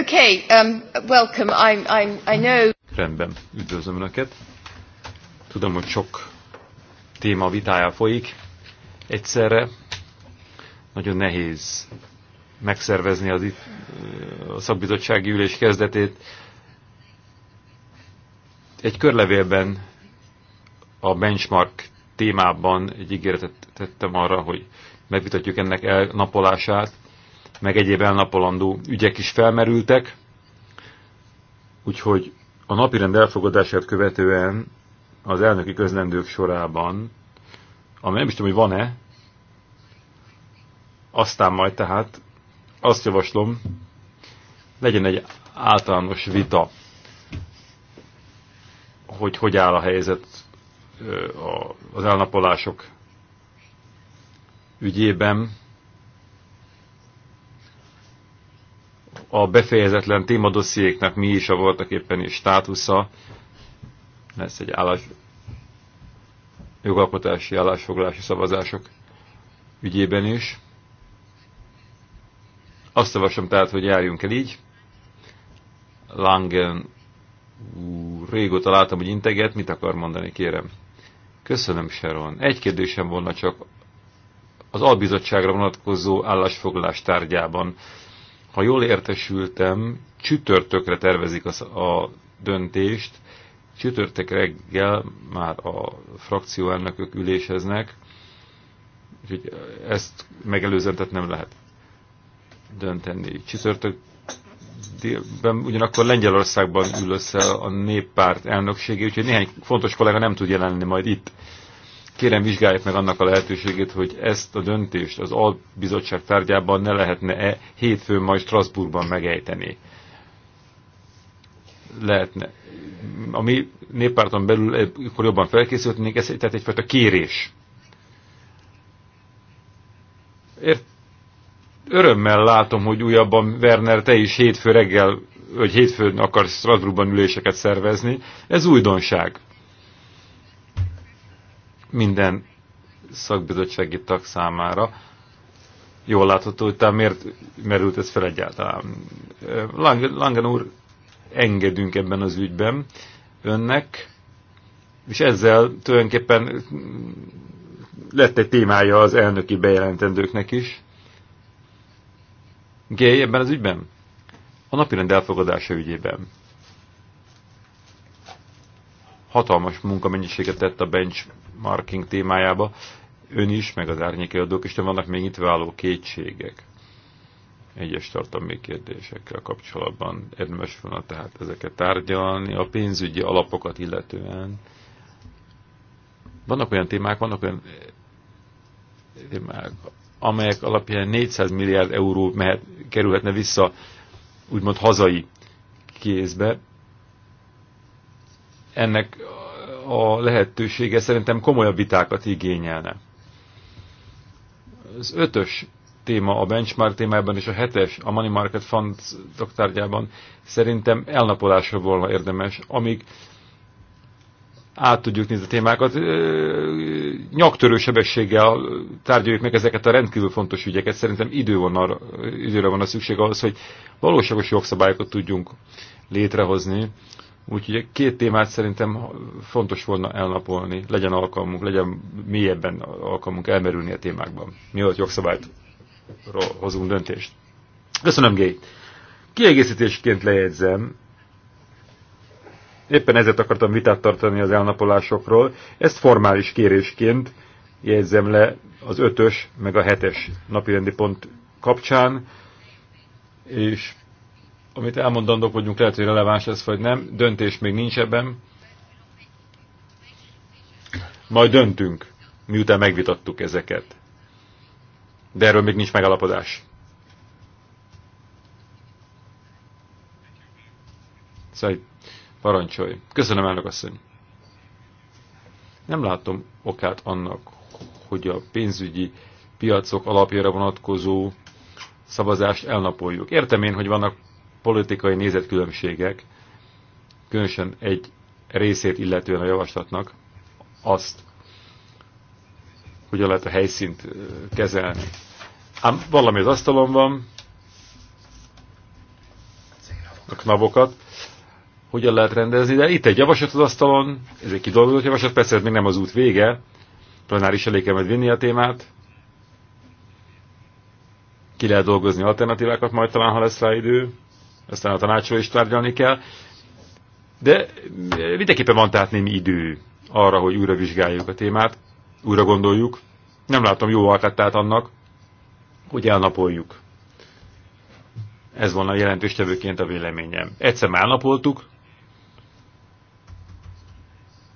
Okay, um, welcome. I'm, I'm, I know. Rendben, üdvözlöm Önöket. Tudom, hogy sok téma vitája folyik egyszerre. Nagyon nehéz megszervezni az itt, a szakbizottsági ülés kezdetét. Egy körlevélben a benchmark témában egy ígéretet tettem arra, hogy megvitatjuk ennek elnapolását, meg egyéb elnapolandó ügyek is felmerültek, úgyhogy a napirend elfogadását követően az elnöki közlendők sorában, ami nem is tudom, hogy van-e, aztán majd tehát azt javaslom, legyen egy általános vita, hogy hogy áll a helyzet az elnapolások ügyében, a befejezetlen témadossziéknak mi is a voltak éppen státusza. Lesz egy állás, jogalkotási állásfoglalási szavazások ügyében is. Azt javaslom tehát, hogy járjunk el így. Langen ú, régóta láttam, hogy integet, mit akar mondani, kérem. Köszönöm, Sharon. Egy kérdésem volna csak az albizottságra vonatkozó állásfoglalás tárgyában ha jól értesültem, csütörtökre tervezik a, a döntést, csütörtök reggel már a frakcióelnökök üléseznek, úgyhogy ezt megelőzően tehát nem lehet dönteni. Csütörtök délben, ugyanakkor Lengyelországban ül össze a néppárt elnöksége, úgyhogy néhány fontos kollega nem tud jelenni majd itt. Kérem vizsgálják meg annak a lehetőségét, hogy ezt a döntést az albizottság tárgyában ne lehetne-e hétfőn majd Strasbourgban megejteni. Lehetne. A mi néppárton belül akkor jobban felkészültnénk, ez tehát egyfajta kérés. Ért, örömmel látom, hogy újabban, Werner, te is hétfő reggel, vagy hétfőn akarsz Strasbourgban üléseket szervezni. Ez újdonság minden szakbizottsági tag számára. Jól látható, hogy tehát miért merült ez fel egyáltalán. Langen, úr, engedünk ebben az ügyben önnek, és ezzel tulajdonképpen lett egy témája az elnöki bejelentendőknek is. Gay ebben az ügyben? A rend elfogadása ügyében. Hatalmas munkamennyiséget tett a bench marking témájába, ön is, meg az árnyékiadók is, de vannak még itt váló kétségek egyes tartalmi kérdésekkel kapcsolatban. Érdemes volna tehát ezeket tárgyalni, a pénzügyi alapokat illetően. Vannak olyan témák, vannak olyan eh, témák, amelyek alapján 400 milliárd euró mehet, kerülhetne vissza úgymond hazai kézbe. Ennek a lehetősége szerintem komolyabb vitákat igényelne. Az ötös téma a benchmark témában és a hetes a Money Market Fund doktárgyában szerintem elnapolásra volna érdemes, amíg át tudjuk nézni a témákat, nyaktörő sebességgel tárgyaljuk meg ezeket a rendkívül fontos ügyeket. Szerintem idő van arra, időre van a szükség ahhoz, hogy valóságos jogszabályokat tudjunk létrehozni, Úgyhogy két témát szerintem fontos volna elnapolni, legyen alkalmunk, legyen mélyebben alkalmunk elmerülni a témákban, mielőtt jogszabályt hozunk döntést. Köszönöm, Gay. Kiegészítésként lejegyzem, éppen ezért akartam vitát tartani az elnapolásokról, ezt formális kérésként jegyzem le az ötös meg a hetes napirendi pont kapcsán, és amit elmondandók vagyunk, lehet, hogy releváns lesz, vagy nem. Döntés még nincs ebben. Majd döntünk, miután megvitattuk ezeket. De erről még nincs megalapodás. Szóval parancsolj. Köszönöm, elnök asszony. Nem látom okát annak, hogy a pénzügyi piacok alapjára vonatkozó szavazást elnapoljuk. Értem én, hogy vannak politikai nézetkülönbségek, különösen egy részét illetően a javaslatnak azt, hogyan lehet a helyszínt kezelni. Ám valami az asztalon van, a knabokat, hogyan lehet rendezni, de itt egy javaslat az asztalon, ez egy kidolgozott javaslat, persze ez még nem az út vége, plenáris elé kell majd vinni a témát, ki lehet dolgozni alternatívákat majd talán, ha lesz rá idő, aztán a tanácsról is tárgyalni kell. De mindenképpen van tehát némi idő arra, hogy újra vizsgáljuk a témát, újra gondoljuk. Nem látom jó alkattát annak, hogy elnapoljuk. Ez volna jelentős tevőként a véleményem. Egyszer már elnapoltuk,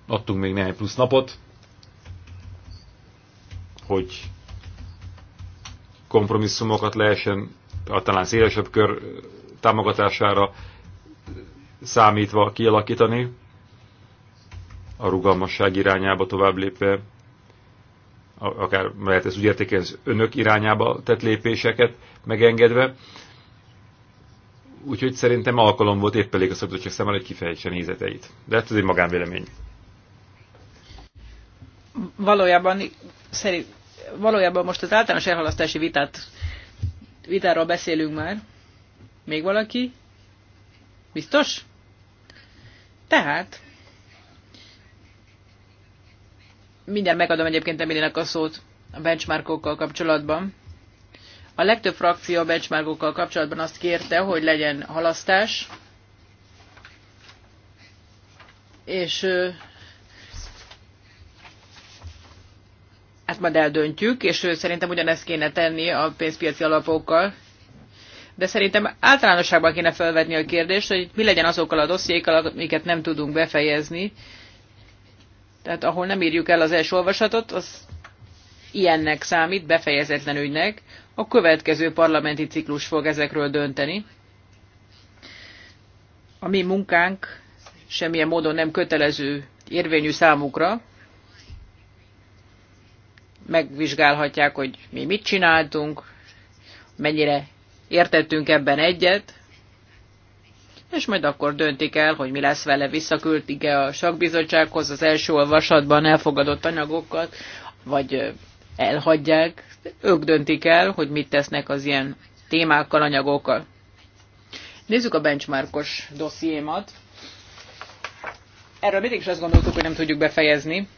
adtunk még néhány plusz napot, hogy kompromisszumokat lehessen, talán szélesebb kör támogatására számítva kialakítani, a rugalmasság irányába tovább lépve, akár lehet ez úgy értékelni, önök irányába tett lépéseket megengedve. Úgyhogy szerintem alkalom volt épp elég a szabadság számára, hogy kifejtse nézeteit. De hát ez egy magánvélemény. Valójában, szerint, valójában most az általános elhalasztási vitát, vitáról beszélünk már, még valaki? Biztos? Tehát, mindjárt megadom egyébként Emilinek a szót a benchmarkokkal kapcsolatban. A legtöbb frakció a benchmarkokkal kapcsolatban azt kérte, hogy legyen halasztás, és hát majd eldöntjük, és szerintem ugyanezt kéne tenni a pénzpiaci alapokkal de szerintem általánosságban kéne felvetni a kérdést, hogy mi legyen azokkal a dossziékkal, amiket nem tudunk befejezni. Tehát ahol nem írjuk el az első olvasatot, az ilyennek számít, befejezetlen ügynek. A következő parlamenti ciklus fog ezekről dönteni. A mi munkánk semmilyen módon nem kötelező érvényű számukra. Megvizsgálhatják, hogy mi mit csináltunk, mennyire értettünk ebben egyet, és majd akkor döntik el, hogy mi lesz vele, visszaküldik-e a sakbizottsághoz az első olvasatban elfogadott anyagokat, vagy elhagyják, ők döntik el, hogy mit tesznek az ilyen témákkal, anyagokkal. Nézzük a benchmarkos dossziémat. Erről mindig is azt gondoltuk, hogy nem tudjuk befejezni.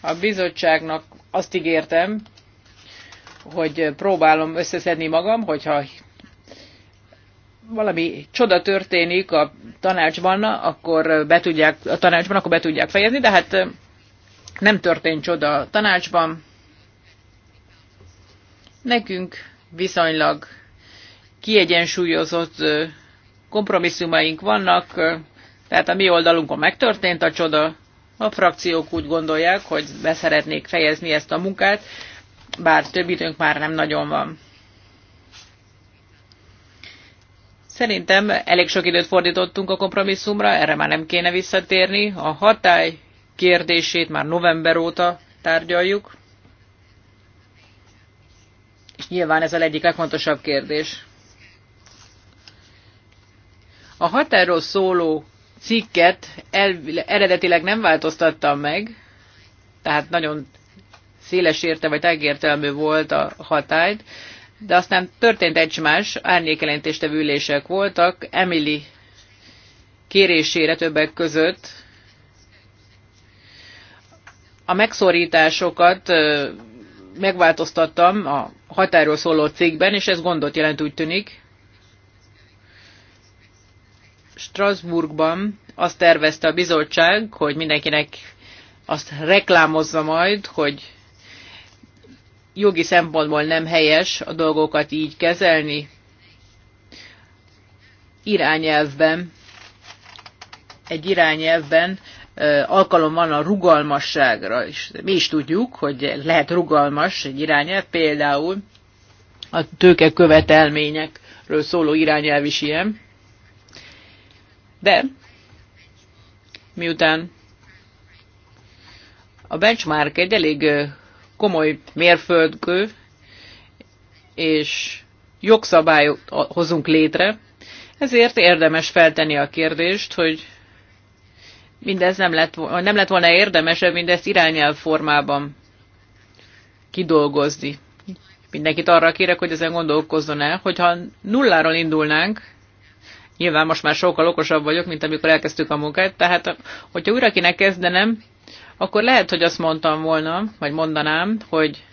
A bizottságnak azt ígértem, hogy próbálom összeszedni magam, hogyha valami csoda történik a tanácsban, akkor be tudják, a tanácsban, akkor be tudják fejezni, de hát nem történt csoda a tanácsban. Nekünk viszonylag kiegyensúlyozott kompromisszumaink vannak, tehát a mi oldalunkon megtörtént a csoda, a frakciók úgy gondolják, hogy beszeretnék fejezni ezt a munkát, bár több időnk már nem nagyon van. Szerintem elég sok időt fordítottunk a kompromisszumra, erre már nem kéne visszatérni. A hatály kérdését már november óta tárgyaljuk. És nyilván ez a egyik legfontosabb kérdés. A határól szóló cikket el, eredetileg nem változtattam meg, tehát nagyon széles érte vagy tágértelmű volt a hatályt, de aztán történt egy más, árnyékelentéstevő ülések voltak, Emily kérésére többek között a megszorításokat megváltoztattam a határól szóló cikkben, és ez gondot jelent úgy tűnik. Strasbourgban azt tervezte a bizottság, hogy mindenkinek azt reklámozza majd, hogy jogi szempontból nem helyes a dolgokat így kezelni. Irányelvben, egy irányelvben alkalom van a rugalmasságra is. Mi is tudjuk, hogy lehet rugalmas egy irányelv, például a tőke követelményekről szóló irányelv is ilyen. De miután a benchmark egy elég komoly mérföldkő, és jogszabályot hozunk létre, ezért érdemes feltenni a kérdést, hogy mindez nem lett, nem lett volna érdemesebb mindezt irányelv formában kidolgozni. Mindenkit arra kérek, hogy ezen gondolkozzon el, hogyha nulláról indulnánk, nyilván most már sokkal okosabb vagyok, mint amikor elkezdtük a munkát, tehát hogyha újra kéne kezdenem, akkor lehet, hogy azt mondtam volna, vagy mondanám, hogy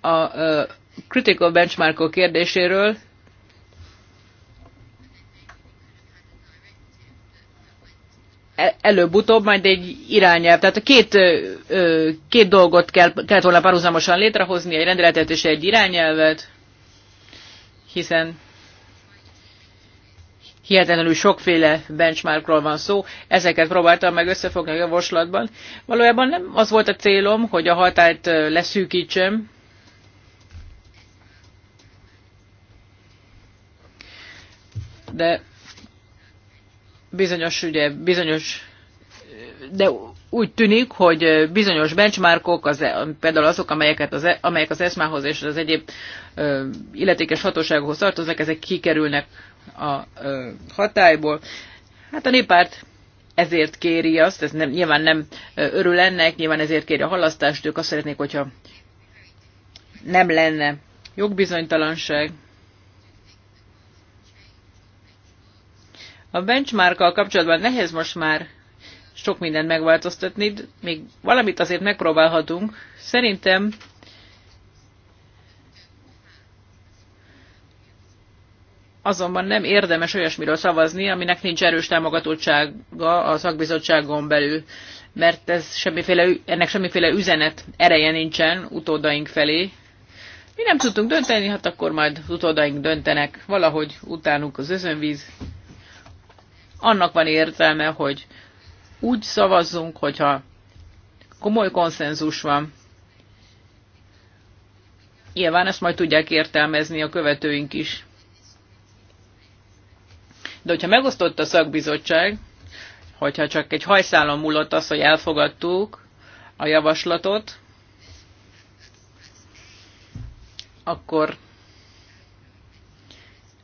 a critical benchmarkok kérdéséről e, előbb-utóbb majd egy irányelv. Tehát a két, két dolgot kell, kellett volna párhuzamosan létrehozni, egy rendeletet és egy irányelvet, hiszen hihetetlenül sokféle benchmarkról van szó, ezeket próbáltam meg összefogni a javaslatban. Valójában nem az volt a célom, hogy a hatályt leszűkítsem, de bizonyos, ugye, bizonyos, de úgy tűnik, hogy bizonyos benchmarkok, az, e, például azok, amelyeket az, e, amelyek az ESMA-hoz és az egyéb ö, illetékes hatóságokhoz tartoznak, ezek kikerülnek a ö, hatályból. Hát a néppárt ezért kéri azt, ez nem, nyilván nem örül ennek, nyilván ezért kéri a halasztást, ők azt szeretnék, hogyha nem lenne jogbizonytalanság. A benchmarkkal kapcsolatban nehéz most már sok mindent megváltoztatni, de még valamit azért megpróbálhatunk. Szerintem azonban nem érdemes olyasmiről szavazni, aminek nincs erős támogatottsága a szakbizottságon belül, mert ez semmiféle, ennek semmiféle üzenet ereje nincsen utódaink felé. Mi nem tudtunk dönteni, hát akkor majd utódaink döntenek, valahogy utánuk az özönvíz. Annak van értelme, hogy úgy szavazzunk, hogyha komoly konszenzus van. Nyilván ezt majd tudják értelmezni a követőink is. De hogyha megosztott a szakbizottság, hogyha csak egy hajszálon múlott az, hogy elfogadtuk a javaslatot, akkor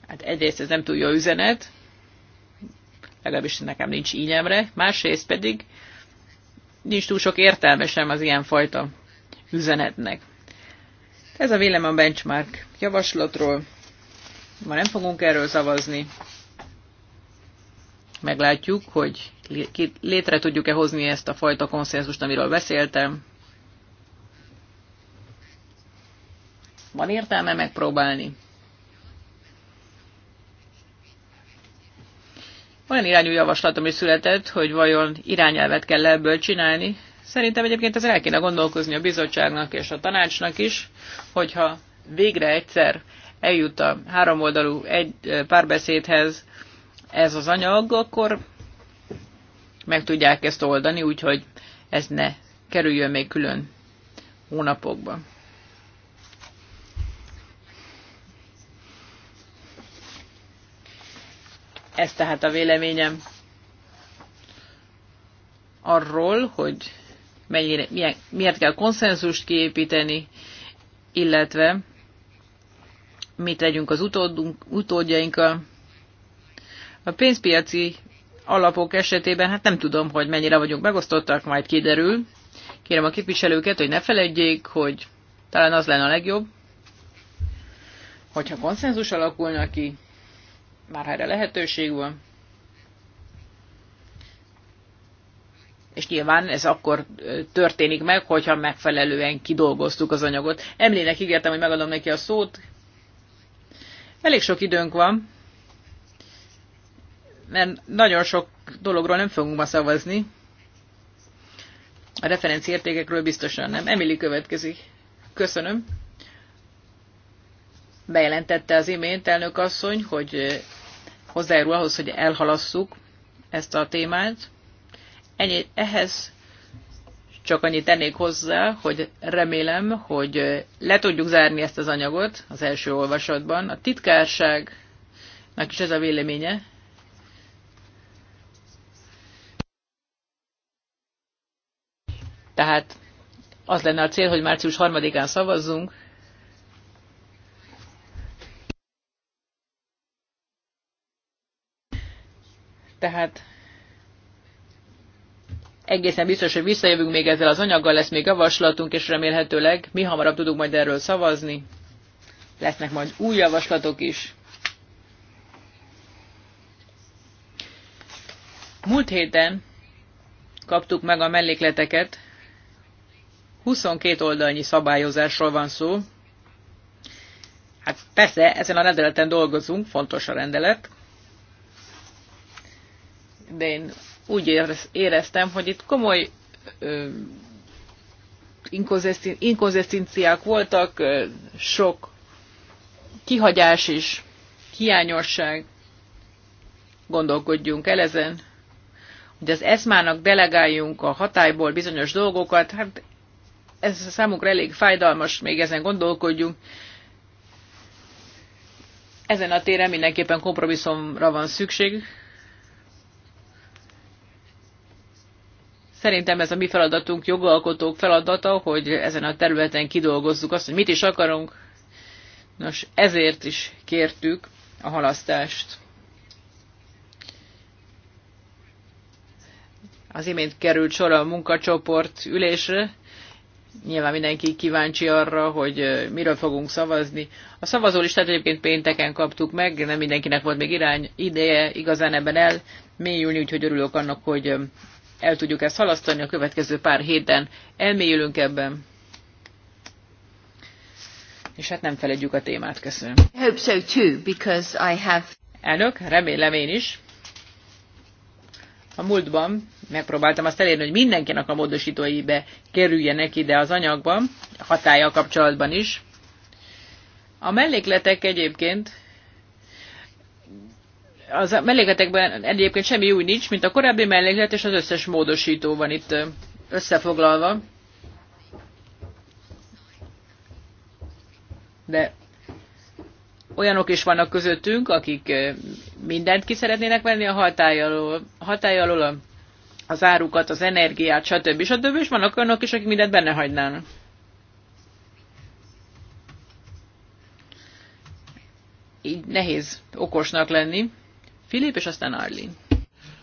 hát egyrészt ez nem túl jó üzenet, legalábbis nekem nincs ínyemre, másrészt pedig nincs túl sok értelme sem az ilyenfajta üzenetnek. Ez a vélem a benchmark javaslatról. Ma nem fogunk erről szavazni. Meglátjuk, hogy létre tudjuk-e hozni ezt a fajta konszenzust, amiről beszéltem. Van értelme megpróbálni? Olyan irányú javaslatom is született, hogy vajon irányelvet kell ebből csinálni. Szerintem egyébként ezen el kéne gondolkozni a bizottságnak és a tanácsnak is, hogyha végre egyszer eljut a háromoldalú egy párbeszédhez ez az anyag, akkor meg tudják ezt oldani, úgyhogy ez ne kerüljön még külön hónapokban. Ez tehát a véleményem arról, hogy mennyire, milyen, miért kell konszenzust kiépíteni, illetve mit tegyünk az utódunk, utódjainkkal. A pénzpiaci alapok esetében, hát nem tudom, hogy mennyire vagyunk megosztottak, majd kiderül. Kérem a képviselőket, hogy ne felejtjék, hogy talán az lenne a legjobb, hogyha konszenzus alakulna ki, már erre lehetőség van. És nyilván ez akkor történik meg, hogyha megfelelően kidolgoztuk az anyagot. Emlének ígértem, hogy megadom neki a szót. Elég sok időnk van, mert nagyon sok dologról nem fogunk ma szavazni. A referenciértékekről biztosan nem. Emily következik. Köszönöm bejelentette az imént elnök asszony, hogy hozzájárul ahhoz, hogy elhalasszuk ezt a témát. Ennyi, ehhez csak annyit tennék hozzá, hogy remélem, hogy le tudjuk zárni ezt az anyagot az első olvasatban. A titkárságnak is ez a véleménye. Tehát az lenne a cél, hogy március 3-án szavazzunk, Tehát egészen biztos, hogy visszajövünk még ezzel az anyaggal, lesz még javaslatunk, és remélhetőleg mi hamarabb tudunk majd erről szavazni. Lesznek majd új javaslatok is. Múlt héten kaptuk meg a mellékleteket. 22 oldalnyi szabályozásról van szó. Hát persze, ezen a rendeleten dolgozunk, fontos a rendelet de én úgy éreztem, hogy itt komoly inkonzisztenciák voltak, sok kihagyás is, hiányosság. Gondolkodjunk el ezen, hogy az eszmának delegáljunk a hatályból bizonyos dolgokat, hát ez számunkra elég fájdalmas, még ezen gondolkodjunk. Ezen a téren mindenképpen kompromisszumra van szükség, Szerintem ez a mi feladatunk, jogalkotók feladata, hogy ezen a területen kidolgozzuk azt, hogy mit is akarunk. Nos, ezért is kértük a halasztást. Az imént került sor a munkacsoport ülésre. Nyilván mindenki kíváncsi arra, hogy miről fogunk szavazni. A szavazólistát egyébként pénteken kaptuk meg, nem mindenkinek volt még irány ideje igazán ebben el mélyülni, úgyhogy örülök annak, hogy el tudjuk ezt halasztani, a következő pár héten elmélyülünk ebben. És hát nem feledjük a témát, köszönöm. hope so too, because I have... Elnök, remélem én is. A múltban megpróbáltam azt elérni, hogy mindenkinek a módosítói be kerüljenek ide az anyagban, hatája kapcsolatban is. A mellékletek egyébként az mellékletekben egyébként semmi új nincs, mint a korábbi melléklet, és az összes módosító van itt összefoglalva. De olyanok is vannak közöttünk, akik mindent ki szeretnének venni a hatály alól, hatály alól az árukat, az energiát, stb. stb. És vannak olyanok is, akik mindent benne hagynának. Így nehéz okosnak lenni. Filip, és aztán Arlene.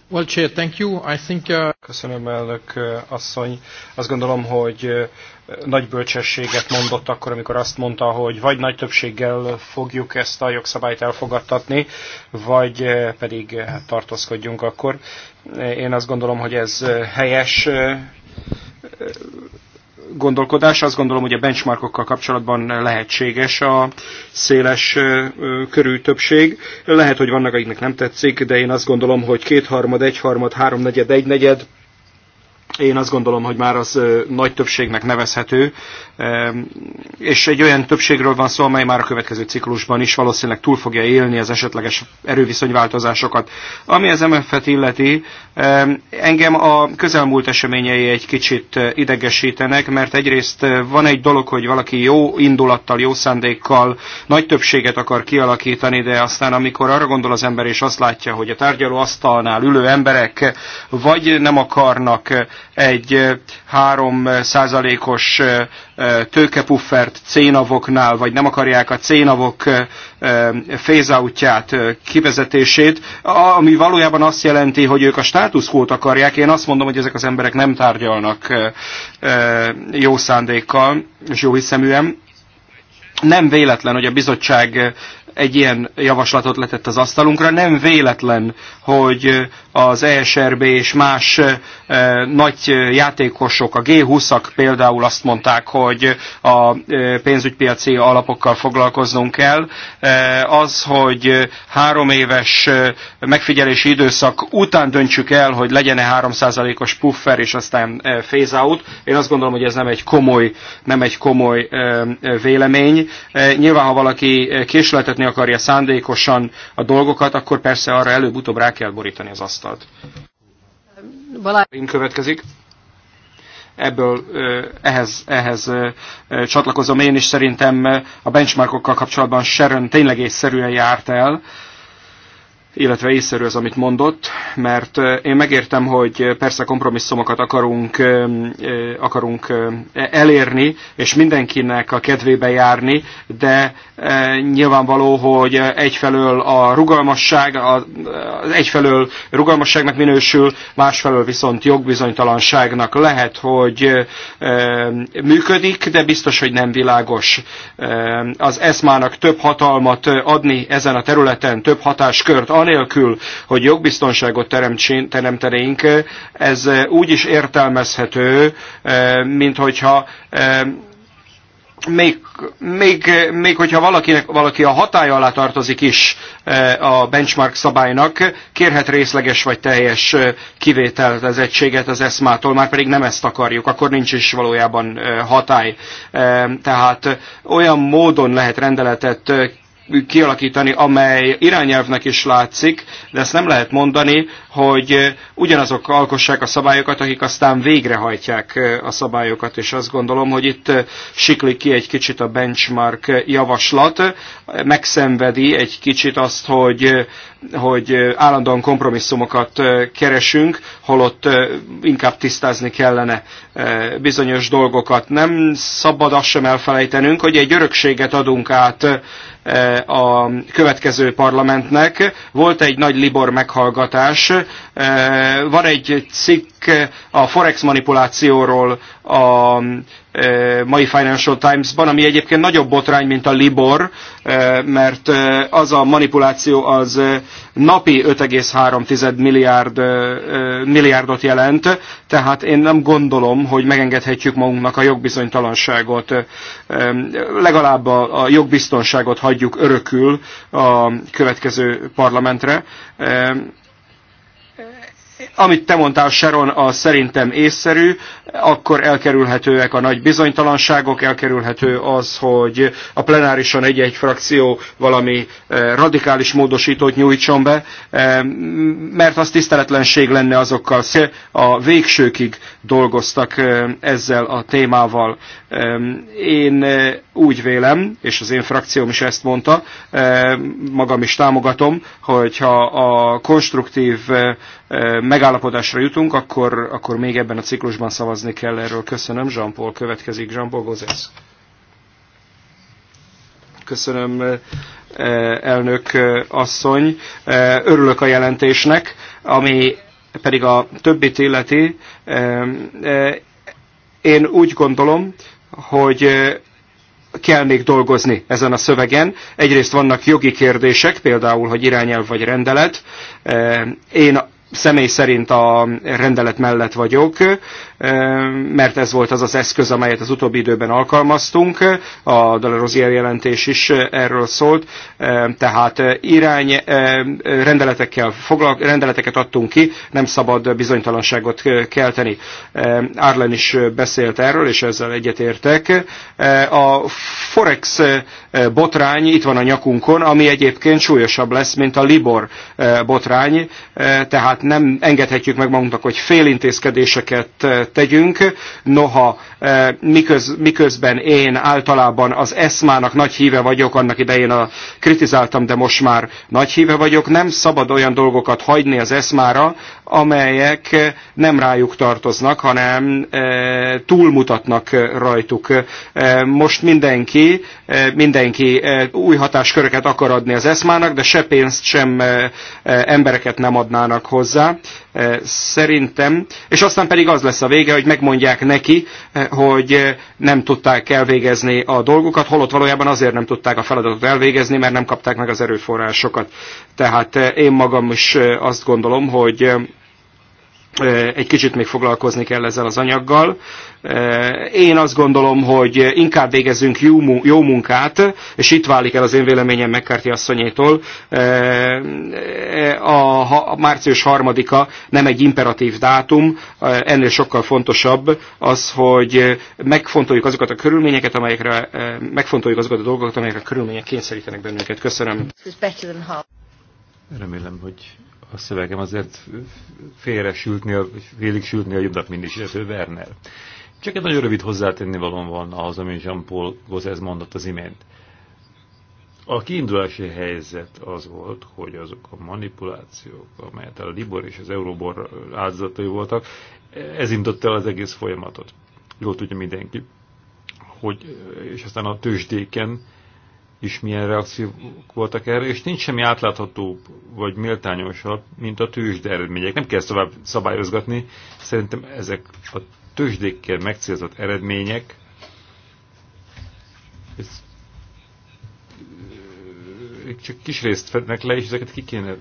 Well, Chair, thank you. I think, uh... Köszönöm, elnök uh, asszony. Azt gondolom, hogy uh, nagy bölcsességet mondott akkor, amikor azt mondta, hogy vagy nagy többséggel fogjuk ezt a jogszabályt elfogadtatni, vagy uh, pedig tartózkodjunk akkor. Én azt gondolom, hogy ez helyes gondolkodás. Azt gondolom, hogy a benchmarkokkal kapcsolatban lehetséges a széles körű többség. Lehet, hogy vannak, akiknek nem tetszik, de én azt gondolom, hogy kétharmad, egyharmad, háromnegyed, egynegyed én azt gondolom, hogy már az nagy többségnek nevezhető, és egy olyan többségről van szó, amely már a következő ciklusban is valószínűleg túl fogja élni az esetleges erőviszonyváltozásokat. Ami az MFF-et illeti, engem a közelmúlt eseményei egy kicsit idegesítenek, mert egyrészt van egy dolog, hogy valaki jó indulattal, jó szándékkal nagy többséget akar kialakítani, de aztán amikor arra gondol az ember és azt látja, hogy a asztalnál ülő emberek vagy nem akarnak egy 3 os tőkepuffert cénavoknál, vagy nem akarják a cénavok fézautját, kivezetését, ami valójában azt jelenti, hogy ők a státuszkót akarják. Én azt mondom, hogy ezek az emberek nem tárgyalnak jó szándékkal és jó hiszeműen. Nem véletlen, hogy a bizottság egy ilyen javaslatot letett az asztalunkra. Nem véletlen, hogy az ESRB és más nagy játékosok, a G20-ak például azt mondták, hogy a pénzügypiaci alapokkal foglalkoznunk kell. Az, hogy három éves megfigyelési időszak után döntsük el, hogy legyen-e 3%-os puffer, és aztán phase out, én azt gondolom, hogy ez nem egy komoly, nem egy komoly vélemény. Nyilván, ha valaki késleltetni akarja szándékosan a dolgokat, akkor persze arra előbb-utóbb rá kell borítani az asztalt tapasztalt. Balázs következik ebből ehhez, ehhez csatlakozom én is, szerintem a benchmarkokkal kapcsolatban Sharon tényleg észszerűen járt el, illetve észszerű az, amit mondott, mert én megértem, hogy persze kompromisszumokat akarunk, akarunk elérni, és mindenkinek a kedvébe járni, de nyilvánvaló, hogy egyfelől a rugalmasság, az egyfelől rugalmasságnak minősül, másfelől viszont jogbizonytalanságnak lehet, hogy működik, de biztos, hogy nem világos. Az eszmának több hatalmat adni ezen a területen, több hatáskört adni, anélkül, hogy jogbiztonságot teremtenénk, ez eh, úgy is értelmezhető, eh, mint hogyha eh, még, még, még hogyha valakinek, valaki a hatája alá tartozik is a benchmark szabálynak, kérhet részleges vagy teljes kivételt az egységet az eszmától, már pedig nem ezt akarjuk, akkor nincs is valójában hatály. Tehát olyan módon lehet rendeletet kialakítani, amely irányelvnek is látszik, de ezt nem lehet mondani, hogy ugyanazok alkossák a szabályokat, akik aztán végrehajtják a szabályokat, és azt gondolom, hogy itt siklik ki egy kicsit a benchmark javaslat, megszenvedi egy kicsit azt, hogy hogy állandóan kompromisszumokat keresünk, holott inkább tisztázni kellene bizonyos dolgokat. Nem szabad azt sem elfelejtenünk, hogy egy örökséget adunk át a következő parlamentnek. Volt egy nagy Libor meghallgatás, van egy cikk, Eh, a forex manipulációról a eh, mai Financial Times-ban, ami egyébként nagyobb botrány, mint a Libor, eh, mert az a manipuláció az napi 5,3 milliárd, milliárdot jelent, tehát én nem gondolom, hogy megengedhetjük magunknak a jogbizonytalanságot. Legalább a jogbiztonságot hagyjuk örökül a következő parlamentre amit te mondtál, Sharon, az szerintem észszerű akkor elkerülhetőek a nagy bizonytalanságok, elkerülhető az, hogy a plenárison egy-egy frakció valami eh, radikális módosítót nyújtson be, eh, mert az tiszteletlenség lenne azokkal, a végsőkig dolgoztak eh, ezzel a témával. Én úgy vélem, és az én frakcióm is ezt mondta, magam is támogatom, hogyha a konstruktív megállapodásra jutunk, akkor, akkor még ebben a ciklusban szavazunk szavazni kell erről. Köszönöm, Jean-Paul. Következik Jean-Paul Gozes. Köszönöm, eh, elnök eh, asszony. Eh, örülök a jelentésnek, ami pedig a többit illeti. Én úgy gondolom, hogy kell még dolgozni ezen a szövegen. Egyrészt vannak jogi kérdések, például, hogy irányelv vagy rendelet. Én személy szerint a rendelet mellett vagyok, mert ez volt az az eszköz, amelyet az utóbbi időben alkalmaztunk. A Dalerozier jelentés is erről szólt, tehát irány rendeletekkel foglal, rendeleteket adtunk ki, nem szabad bizonytalanságot kelteni. Árlen is beszélt erről, és ezzel egyetértek. A Forex botrány itt van a nyakunkon, ami egyébként súlyosabb lesz, mint a Libor botrány, tehát tehát nem engedhetjük meg magunknak, hogy félintézkedéseket eh, tegyünk, noha eh, miköz, miközben én általában az eszmának nagy híve vagyok, annak idején a, kritizáltam, de most már nagy híve vagyok, nem szabad olyan dolgokat hagyni az eszmára, amelyek eh, nem rájuk tartoznak, hanem túlmutatnak rajtuk. Most mindenki, mindenki új hatásköröket akar adni az eszmának, de se pénzt, sem embereket nem adnának hozzá hozzá, e, szerintem, és aztán pedig az lesz a vége, hogy megmondják neki, e, hogy e, nem tudták elvégezni a dolgokat, holott valójában azért nem tudták a feladatot elvégezni, mert nem kapták meg az erőforrásokat. Tehát én magam is azt gondolom, hogy egy kicsit még foglalkozni kell ezzel az anyaggal. Én azt gondolom, hogy inkább végezzünk jó munkát, és itt válik el az én véleményem McCarthy asszonyétól. A március harmadika nem egy imperatív dátum, ennél sokkal fontosabb az, hogy megfontoljuk azokat a körülményeket, amelyekre, megfontoljuk azokat a dolgokat, amelyekre a körülmények kényszerítenek bennünket. Köszönöm. Remélem, hogy a szövegem azért félre sültni, félig sültni a jobbnak mindig Sefő Werner. Csak egy nagyon rövid hozzátenni valon van ahhoz, amit Jean-Paul Gozes mondott az imént. A kiindulási helyzet az volt, hogy azok a manipulációk, amelyet a Libor és az Euróbor áldozatai voltak, ez indotta el az egész folyamatot. Jól tudja mindenki, hogy, és aztán a tőzsdéken is milyen reakciók voltak erre, és nincs semmi átláthatóbb vagy méltányosabb, mint a tőzsde eredmények. Nem kell tovább szabályozgatni, szerintem ezek a tőzsdékkel megcélzott eredmények, ez csak kis részt fednek le, és ezeket ki kéne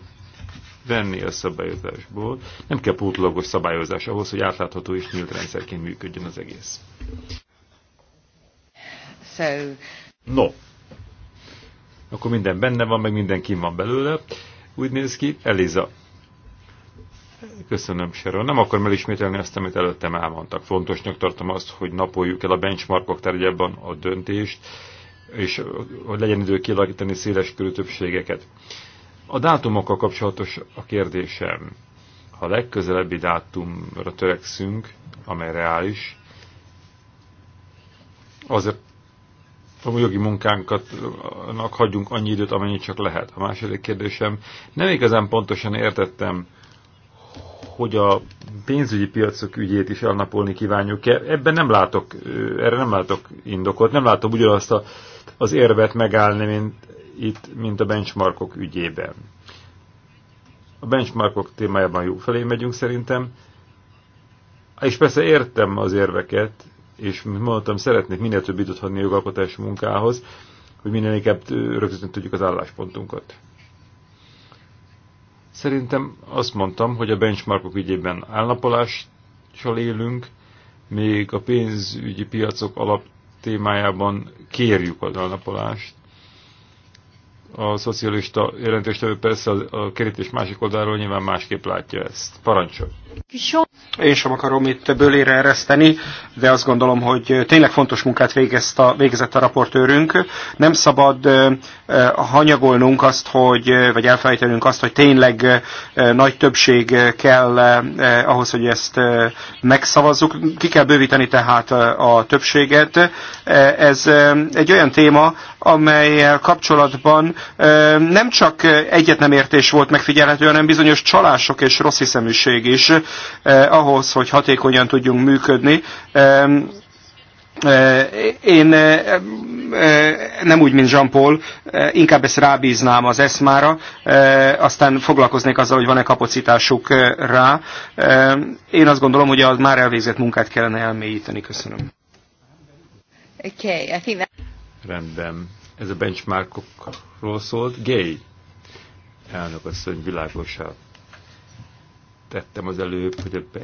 venni a szabályozásból. Nem kell pótlagos szabályozás ahhoz, hogy átlátható és nyílt rendszerként működjön az egész. So... No, akkor minden benne van, meg minden kim van belőle. Úgy néz ki, Eliza. Köszönöm, Sharon. Nem akarom elismételni azt, amit előttem elmondtak. Fontosnak tartom azt, hogy napoljuk el a benchmarkok tárgyában a döntést, és hogy legyen idő kialakítani széles körű többségeket. A dátumokkal kapcsolatos a kérdésem. Ha a legközelebbi dátumra törekszünk, amely reális, azért a jogi munkánknak hagyjunk annyi időt, amennyit csak lehet. A második kérdésem, nem igazán pontosan értettem, hogy a pénzügyi piacok ügyét is elnapolni kívánjuk -e. Ebben nem látok, erre nem látok indokot, nem látom ugyanazt a, az érvet megállni, mint itt, mint a benchmarkok ügyében. A benchmarkok témájában jó felé megyünk szerintem, és persze értem az érveket, és mint mondtam, szeretnék minél több időt adni a jogalkotási munkához, hogy minél inkább rögzíteni tudjuk az álláspontunkat. Szerintem azt mondtam, hogy a benchmarkok ügyében állapolással élünk, még a pénzügyi piacok alaptémájában kérjük az állapolást. A szocialista jelentéstevő persze a kerítés másik oldalról nyilván másképp látja ezt. Parancsol! Én sem akarom itt bőlére ereszteni, de azt gondolom, hogy tényleg fontos munkát végezt a, végezett a raportőrünk. Nem szabad hanyagolnunk azt, hogy, vagy elfelejtenünk azt, hogy tényleg nagy többség kell ahhoz, hogy ezt megszavazzuk. Ki kell bővíteni tehát a többséget. Ez egy olyan téma, amelyel kapcsolatban nem csak egyet nem értés volt megfigyelhető, hanem bizonyos csalások és rossz hiszeműség is ahhoz, hogy hatékonyan tudjunk működni. Én nem úgy, mint Jean-Paul, inkább ezt rábíznám az eszmára, aztán foglalkoznék azzal, hogy van-e kapacitásuk rá. Én azt gondolom, hogy az már elvégzett munkát kellene elmélyíteni. Köszönöm. Okay, I think that... Rendben ez a benchmarkokról szólt, gay elnök asszony világosá tettem az előbb, hogy a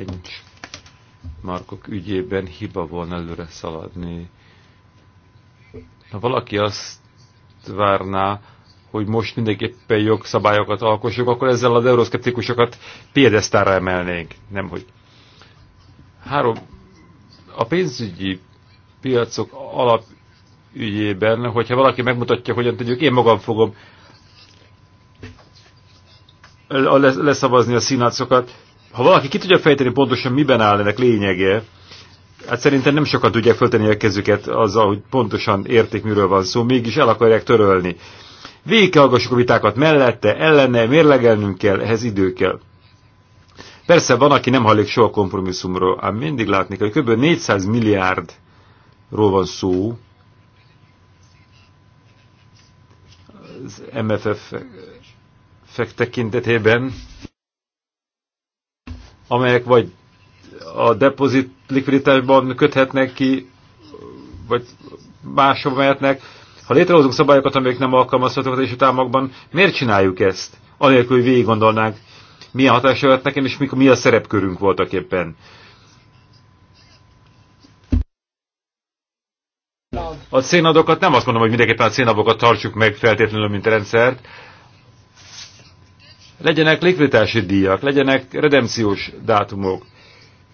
benchmarkok ügyében hiba volna előre szaladni. Ha valaki azt várná, hogy most mindenképpen jogszabályokat alkossuk, akkor ezzel az euroszkeptikusokat piedesztára emelnénk. Nem, hogy három, a pénzügyi piacok alap ügyében, hogyha valaki megmutatja, hogyan tudjuk, én magam fogom leszavazni a színácokat. Ha valaki ki tudja fejteni pontosan, miben áll ennek lényege, hát szerintem nem sokat tudják föltenni a kezüket azzal, hogy pontosan érték, miről van szó, mégis el akarják törölni. Végighallgassuk a vitákat mellette, ellene, mérlegelnünk kell, ehhez idő kell. Persze van, aki nem hallik soha kompromisszumról, ám mindig látni kell, hogy kb. 400 milliárdról van szó, az MFF-ek tekintetében, amelyek vagy a depozit likviditásban köthetnek ki, vagy máshova mehetnek. Ha létrehozunk szabályokat, amelyek nem alkalmazhatók a támakban, miért csináljuk ezt? Anélkül, hogy végig gondolnánk, milyen hatása nekem, és mi a szerepkörünk voltak éppen. A szénadokat nem azt mondom, hogy mindenképpen a szénadokat tartsuk meg feltétlenül, mint rendszert. Legyenek likviditási díjak, legyenek redemciós dátumok.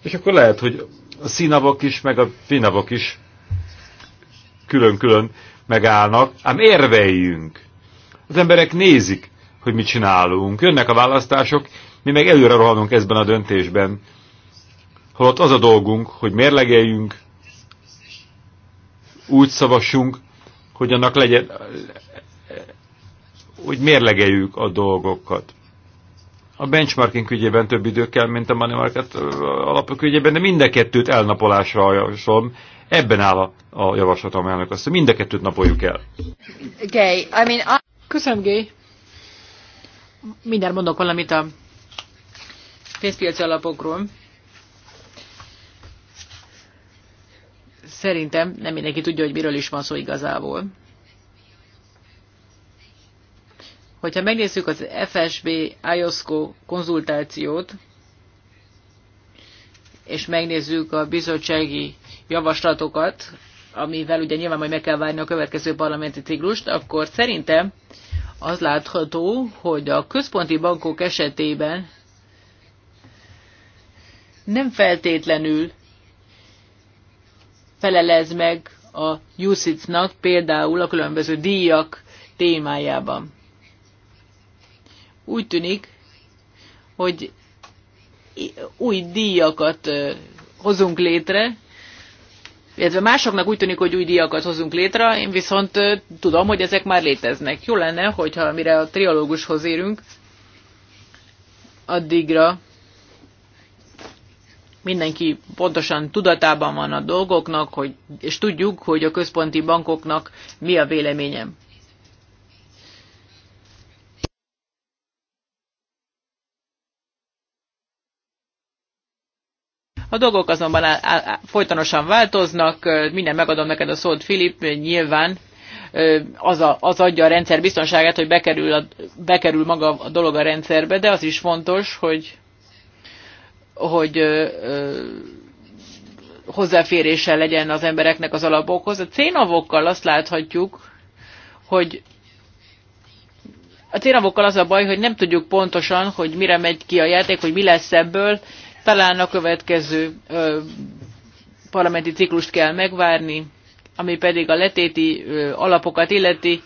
És akkor lehet, hogy a színavok is, meg a finavok is külön-külön megállnak, ám érveljünk. Az emberek nézik, hogy mit csinálunk. Jönnek a választások, mi meg előre rohanunk ezben a döntésben. Holott az a dolgunk, hogy mérlegeljünk, úgy szavasunk, hogy annak legyen, hogy mérlegeljük a dolgokat. A benchmarking ügyében több idő kell, mint a money market alapok ügyében, de mind a kettőt elnapolásra javaslom. Ebben áll a, a javaslatom elnök azt, hogy mind a kettőt napoljuk el. Gay. I mean, I... Köszönöm, Gay. Mindjárt mondok valamit a pénzpiaci alapokról. szerintem nem mindenki tudja, hogy miről is van szó igazából. Hogyha megnézzük az FSB IOSCO konzultációt, és megnézzük a bizottsági javaslatokat, amivel ugye nyilván majd meg kell várni a következő parlamenti ciklust, akkor szerintem az látható, hogy a központi bankok esetében nem feltétlenül felelez meg a USIC-nak például a különböző díjak témájában. Úgy tűnik, hogy új díjakat hozunk létre, illetve másoknak úgy tűnik, hogy új díjakat hozunk létre, én viszont tudom, hogy ezek már léteznek. Jó lenne, hogyha mire a triológushoz érünk, addigra mindenki pontosan tudatában van a dolgoknak, hogy, és tudjuk, hogy a központi bankoknak mi a véleményem. A dolgok azonban á, á, folytonosan változnak, minden megadom neked a szót, Filip, nyilván az, a, az adja a rendszer biztonságát, hogy bekerül, a, bekerül maga a dolog a rendszerbe, de az is fontos, hogy hogy hozzáférése legyen az embereknek az alapokhoz. A cénavokkal azt láthatjuk, hogy a cénavokkal az a baj, hogy nem tudjuk pontosan, hogy mire megy ki a játék, hogy mi lesz ebből. Talán a következő ö, parlamenti ciklust kell megvárni, ami pedig a letéti ö, alapokat illeti.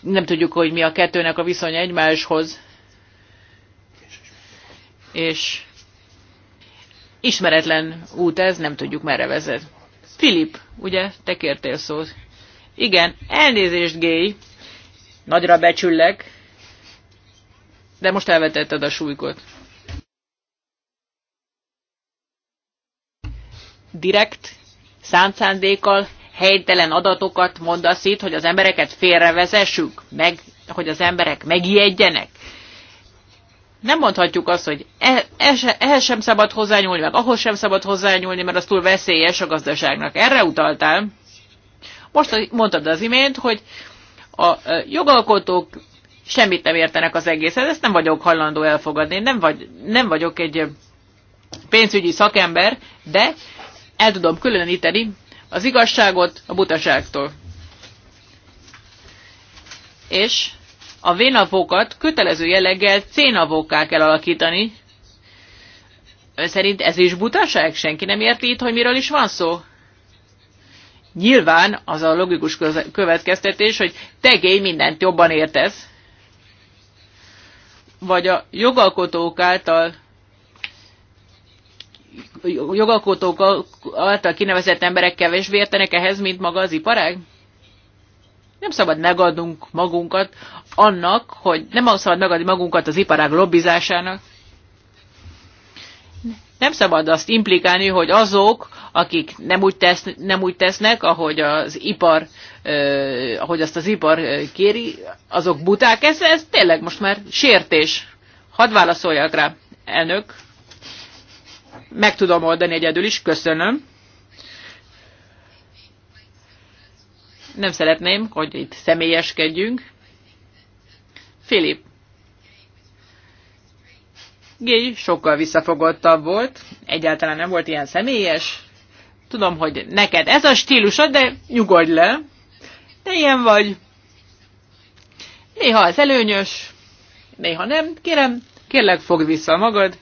Nem tudjuk, hogy mi a kettőnek a viszony egymáshoz. És Ismeretlen út ez, nem tudjuk merre vezet. Filip, ugye, te kértél szót. Igen, elnézést, Géj, nagyra becsüllek, de most elvetetted a súlykot. Direkt, szánt szándékkal, helytelen adatokat mondasz itt, hogy az embereket félrevezessük, meg, hogy az emberek megijedjenek nem mondhatjuk azt, hogy e, e ehhez sem szabad hozzányúlni, meg ahhoz sem szabad hozzányúlni, mert az túl veszélyes a gazdaságnak. Erre utaltál. Most mondtad az imént, hogy a e, jogalkotók semmit nem értenek az egészhez, ezt nem vagyok hajlandó elfogadni. Nem, vagy, nem vagyok egy pénzügyi szakember, de el tudom különíteni az igazságot a butaságtól. És a vénavókat kötelező jelleggel cénavókká kell alakítani. Ön szerint ez is butaság? Senki nem érti itt, hogy miről is van szó? Nyilván az a logikus következtetés, hogy tegély mindent jobban értesz. Vagy a jogalkotók által jogalkotók által kinevezett emberek kevésbé értenek ehhez, mint maga az iparág? nem szabad megadnunk magunkat annak, hogy nem szabad megadni magunkat az iparág lobbizásának. Nem szabad azt implikálni, hogy azok, akik nem úgy, tesz, nem úgy tesznek, ahogy az ipar, eh, ahogy azt az ipar kéri, azok buták. Ez, ez tényleg most már sértés. Hadd válaszoljak rá, elnök. Meg tudom oldani egyedül is, köszönöm. Nem szeretném, hogy itt személyeskedjünk. Filip. Géj sokkal visszafogottabb volt, egyáltalán nem volt ilyen személyes. Tudom, hogy neked ez a stílusod, de nyugodj le. Te ilyen vagy. Néha ez előnyös, néha nem. Kérem, kérlek fogd vissza magad.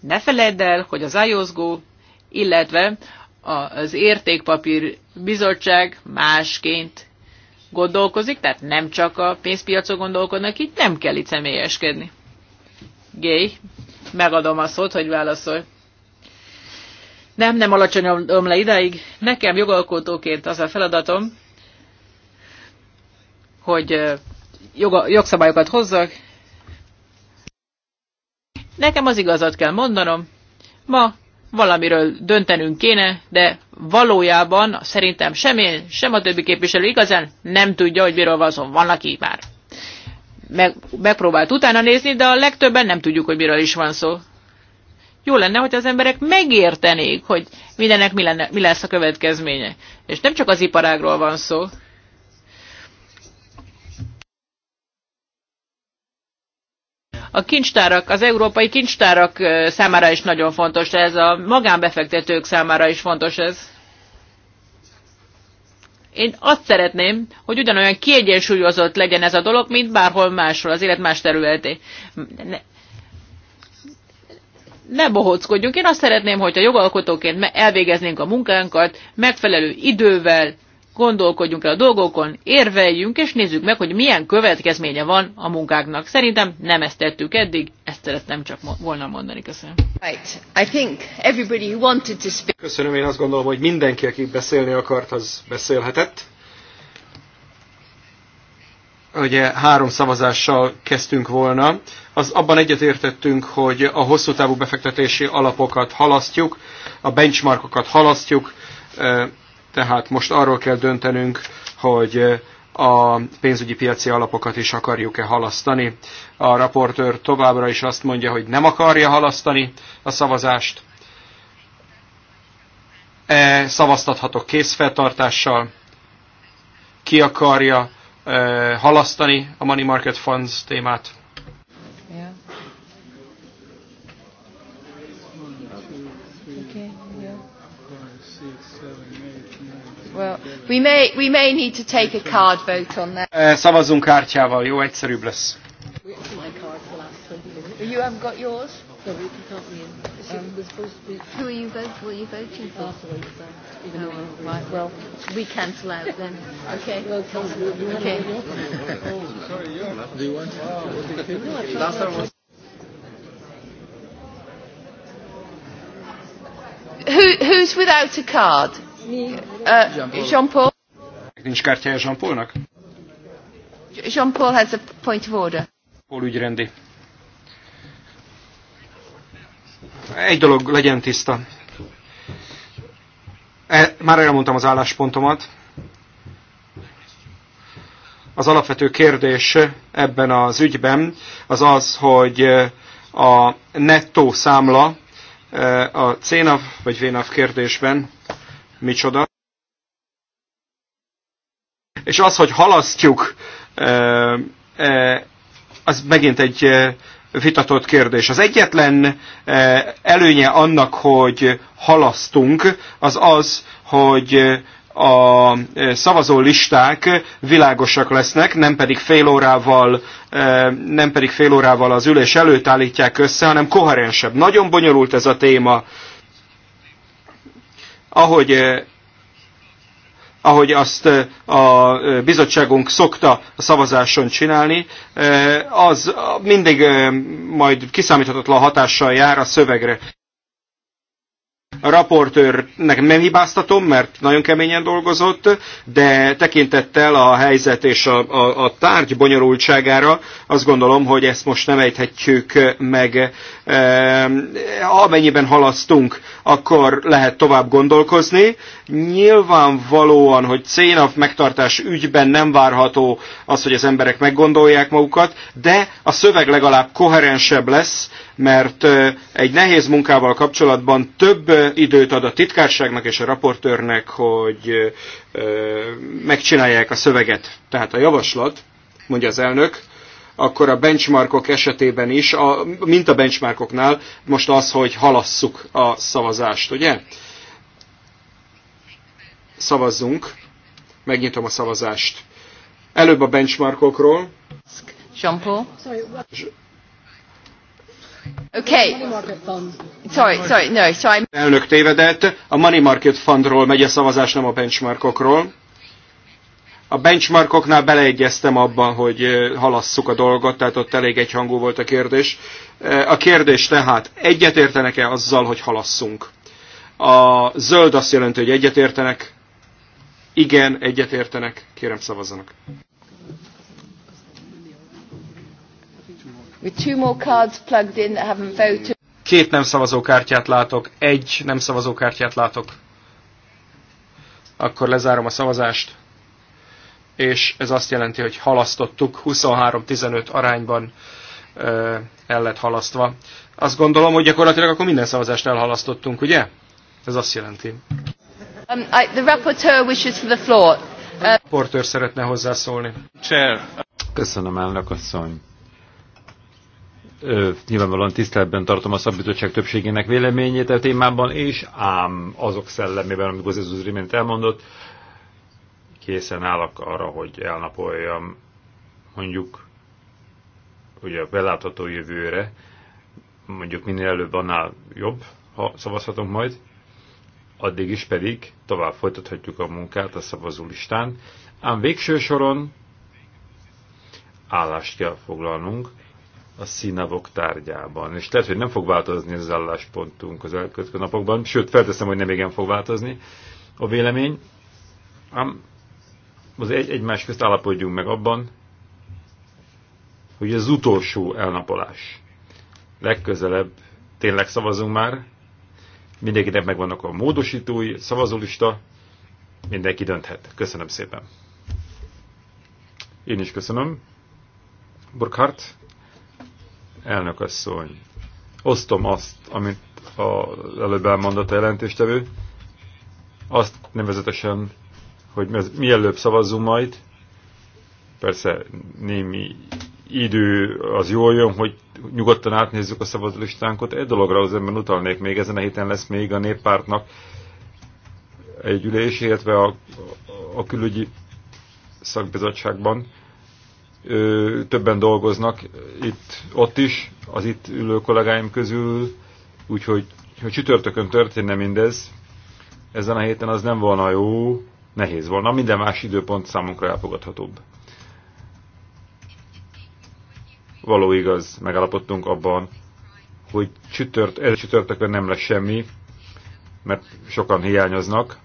Ne feledd el, hogy az iOS illetve az értékpapír bizottság másként gondolkozik, tehát nem csak a pénzpiacon gondolkodnak, így nem kell itt személyeskedni. Gay, megadom a szót, hogy válaszolj. Nem, nem alacsonyom le ideig. Nekem jogalkotóként az a feladatom, hogy joga, jogszabályokat hozzak. Nekem az igazat kell mondanom. Ma valamiről döntenünk kéne, de valójában szerintem sem én, sem a többi képviselő igazán nem tudja, hogy miről van szó. Van, aki már meg, megpróbált utána nézni, de a legtöbben nem tudjuk, hogy miről is van szó. Jó lenne, hogy az emberek megértenék, hogy mindennek mi, lenne, mi lesz a következménye. És nem csak az iparágról van szó. A kincstárak, az európai kincstárak számára is nagyon fontos ez, a magánbefektetők számára is fontos ez. Én azt szeretném, hogy ugyanolyan kiegyensúlyozott legyen ez a dolog, mint bárhol máshol, az élet más területé. Ne, ne bohóckodjunk. Én azt szeretném, hogyha jogalkotóként elvégeznénk a munkánkat megfelelő idővel, gondolkodjunk el a dolgokon, érveljünk, és nézzük meg, hogy milyen következménye van a munkáknak. Szerintem nem ezt tettük eddig, ezt szeretném csak volna mondani. Köszönöm. Right. I think everybody who wanted to speak... Köszönöm, én azt gondolom, hogy mindenki, aki beszélni akart, az beszélhetett. Ugye három szavazással kezdtünk volna. Az abban egyetértettünk, hogy a hosszú távú befektetési alapokat halasztjuk, a benchmarkokat halasztjuk, eh, tehát most arról kell döntenünk, hogy eh, a pénzügyi piaci alapokat is akarjuk-e halasztani. A raportőr továbbra is azt mondja, hogy nem akarja halasztani a szavazást. E, szavaztathatok készfeltartással. Ki akarja e, halasztani a Money Market Funds témát? Well, we may, we may need to take a card vote on that. Eh, szavazzunk kártyával, jó, egyszerűbb lesz. You haven't got yours? No, we can't be in. Um, we're supposed to be... Who are you, are you voting for? Oh, well, right, well, we cancel out then. Okay. Well, okay. Oh, sorry, yeah. Do you want? Last time was... Who, who's without a card? Me. Uh, Jean-Paul. Nincs kártyája Jean-Paulnak? Jean-Paul has a point of order. Paul ügyrendi. Egy dolog legyen tiszta. E, már elmondtam az álláspontomat. Az alapvető kérdés ebben az ügyben az az, hogy a nettó számla e, a CNAV vagy VNAV kérdésben micsoda. És az, hogy halasztjuk, az megint egy vitatott kérdés. Az egyetlen előnye annak, hogy halasztunk, az az, hogy a szavazó listák világosak lesznek, nem pedig fél órával, nem pedig fél órával az ülés előtt állítják össze, hanem koherensebb. Nagyon bonyolult ez a téma. Ahogy ahogy azt a bizottságunk szokta a szavazáson csinálni, az mindig majd kiszámíthatatlan hatással jár a szövegre. A raportőrnek nem hibáztatom, mert nagyon keményen dolgozott, de tekintettel a helyzet és a, a, a tárgy bonyolultságára azt gondolom, hogy ezt most nem ejthetjük meg. E, amennyiben halasztunk, akkor lehet tovább gondolkozni. Nyilvánvalóan, hogy cénav megtartás ügyben nem várható az, hogy az emberek meggondolják magukat, de a szöveg legalább koherensebb lesz, mert egy nehéz munkával kapcsolatban több időt ad a titkárságnak és a raportőrnek, hogy megcsinálják a szöveget. Tehát a javaslat, mondja az elnök, akkor a benchmarkok esetében is, a, mint a benchmarkoknál, most az, hogy halasszuk a szavazást, ugye? Szavazzunk. Megnyitom a szavazást. Előbb a benchmarkokról. Okay. Sorry, sorry, no, sorry. Elnök tévedett, a Money Market Fundról megy a szavazás, nem a benchmarkokról. A benchmarkoknál beleegyeztem abban, hogy halasszuk a dolgot, tehát ott elég egyhangú volt a kérdés. A kérdés tehát, egyetértenek-e azzal, hogy halasszunk? A zöld azt jelenti, hogy egyetértenek. Igen, egyetértenek. Kérem szavazzanak. Két nem szavazókártyát látok, egy nem szavazókártyát látok. Akkor lezárom a szavazást, és ez azt jelenti, hogy halasztottuk 23-15 arányban ö, el lett halasztva. Azt gondolom, hogy gyakorlatilag akkor minden szavazást elhalasztottunk, ugye? Ez azt jelenti. Um, I, the rapporteur wishes for the floor. Uh... A portőr szeretne hozzászólni. Chair. Köszönöm, elnök asszony ö, nyilvánvalóan tiszteletben tartom a szabbizottság többségének véleményét a e témában, és ám azok szellemében, amit az az imént elmondott, készen állok arra, hogy elnapoljam mondjuk ugye a belátható jövőre, mondjuk minél előbb annál jobb, ha szavazhatunk majd, addig is pedig tovább folytathatjuk a munkát a szavazólistán, ám végső soron állást kell foglalnunk a színavok tárgyában. És lehet, hogy nem fog változni az álláspontunk az elkövetkező napokban, sőt, felteszem, hogy nem igen fog változni a vélemény. Ám az egy, egymás közt állapodjunk meg abban, hogy ez az utolsó elnapolás. Legközelebb tényleg szavazunk már, mindenkinek megvannak a módosítói, szavazólista, mindenki dönthet. Köszönöm szépen. Én is köszönöm. Burkhardt elnökasszony. Osztom azt, amit a, előbb elmondott a jelentéstevő, azt nevezetesen, hogy mielőbb szavazzunk majd, persze némi idő az jól jön, hogy nyugodtan átnézzük a szavazólistánkat. Egy dologra az ember utalnék még, ezen a héten lesz még a néppártnak egy ülés, illetve a, a külügyi szakbizottságban ö, többen dolgoznak itt, ott is, az itt ülő kollégáim közül, úgyhogy hogy csütörtökön történne mindez, ezen a héten az nem volna jó, nehéz volna, minden más időpont számunkra elfogadhatóbb. Való igaz, megállapodtunk abban, hogy csütört, ez csütörtökön nem lesz semmi, mert sokan hiányoznak.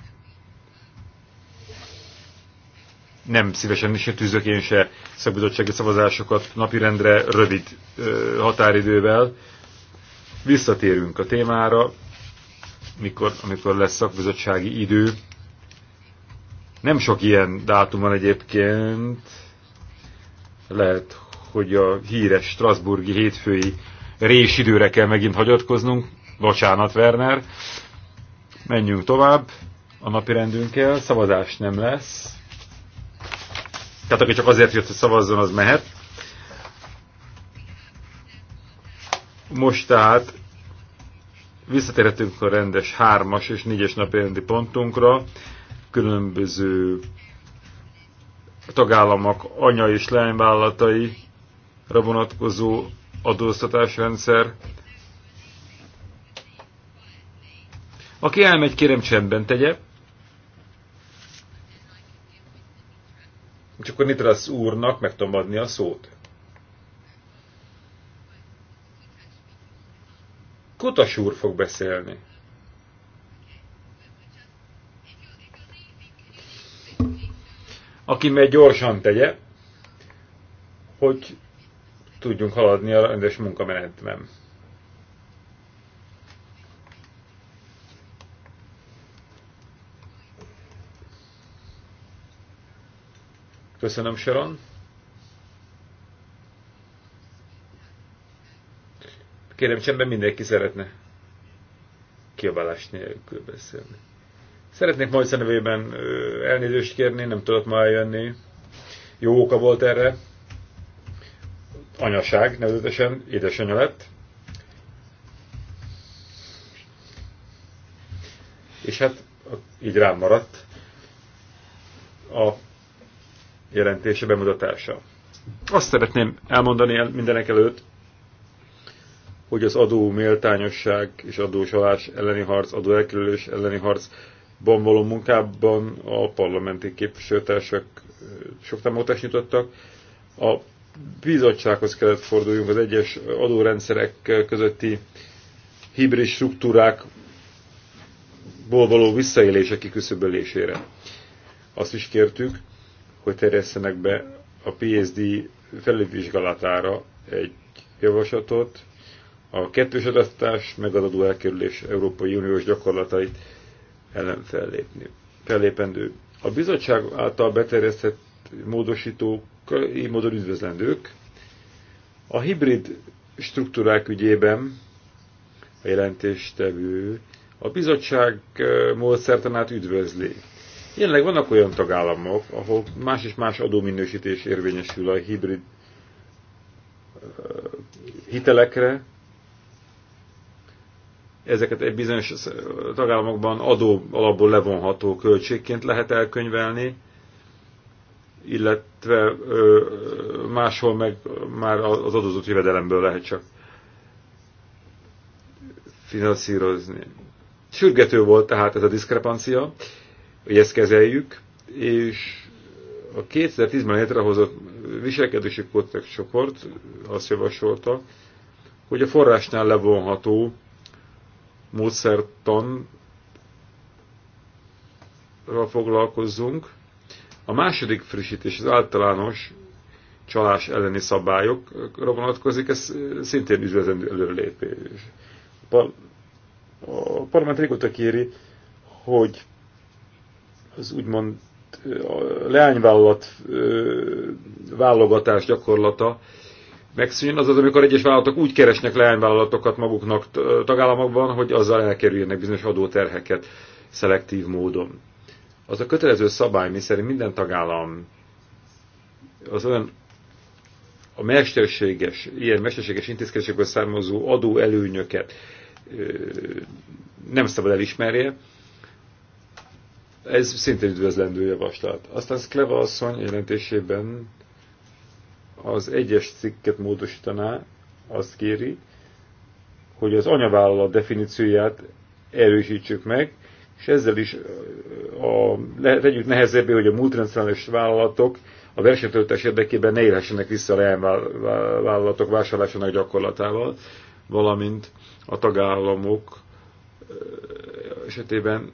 Nem szívesen is se tűzök én se szakbizottsági szavazásokat napirendre rövid határidővel. Visszatérünk a témára, mikor, amikor lesz szakbizottsági idő. Nem sok ilyen dátum van egyébként. Lehet, hogy a híres Strasburgi hétfői rés időre kell megint hagyatkoznunk. Bocsánat, Werner. Menjünk tovább a napirendünkkel. Szavazás nem lesz. Tehát aki csak azért jött, hogy szavazzon, az mehet. Most tehát visszatérhetünk a rendes 3-as és 4-es napi pontunkra. Különböző tagállamok anya és lányvállalatai vonatkozó adóztatásrendszer. Aki elmegy, kérem csendben tegye. És akkor az úrnak meg tudom adni a szót. Kutas úr fog beszélni. Aki meg gyorsan tegye, hogy tudjunk haladni a rendes munkamenetben. Köszönöm, Sharon. Kérem, csendben mindenki szeretne kiabálás nélkül beszélni. Szeretnék majd nevében elnézést kérni, nem tudott ma eljönni. Jó oka volt erre. Anyaság, nevezetesen édesanyja lett. És hát így rám maradt a jelentése bemutatása. Azt szeretném elmondani mindenek előtt, hogy az adó méltányosság és adósalás elleni harc, adó elkerülés elleni harc, való munkában a parlamenti képviselőtársak eh, sok támogatást nyitottak. A bizottsághoz kellett forduljunk az egyes adórendszerek közötti hibris struktúrákból való visszaélések kiküszöbölésére. Azt is kértük, hogy terjesszenek be a PSD felülvizsgálatára egy javaslatot, a kettős adasztás meg az adó elkerülés Európai Uniós gyakorlatait ellen fellépni. fellépendő. A bizottság által beterjesztett módosítók így módon üdvözlendők. A hibrid struktúrák ügyében a jelentéstevő a bizottság eh, módszertanát üdvözli. Jelenleg vannak olyan tagállamok, ahol más és más adóminősítés érvényesül a hibrid hitelekre. Ezeket egy bizonyos tagállamokban adó alapból levonható költségként lehet elkönyvelni, illetve máshol meg már az adózott jövedelemből lehet csak finanszírozni. Sürgető volt tehát ez a diszkrepancia hogy ezt kezeljük, és a 2010-ben létrehozott viselkedési kódex csoport azt javasolta, hogy a forrásnál levonható módszertanra foglalkozzunk. A második frissítés az általános csalás elleni szabályokra vonatkozik, ez szintén üdvözlendő előrelépés. A parlament régóta kéri, hogy az úgymond a leányvállalat válogatás gyakorlata megszűnjön, azaz amikor egyes vállalatok úgy keresnek leányvállalatokat maguknak tagállamokban, hogy azzal elkerüljenek bizonyos adóterheket szelektív módon. Az a kötelező szabály, szerint minden tagállam az olyan a mesterséges, ilyen mesterséges intézkedésekből származó adóelőnyöket nem szabad elismerje, ez szintén üdvözlendő javaslat. Aztán Szkleva asszony jelentésében az egyes cikket módosítaná, azt kéri, hogy az anyavállalat definícióját erősítsük meg, és ezzel is a, le, nehezebbé, hogy a multinacionális vállalatok a versenytöltés érdekében ne élhessenek vissza a leányvállalatok vásárlásának gyakorlatával, valamint a tagállamok esetében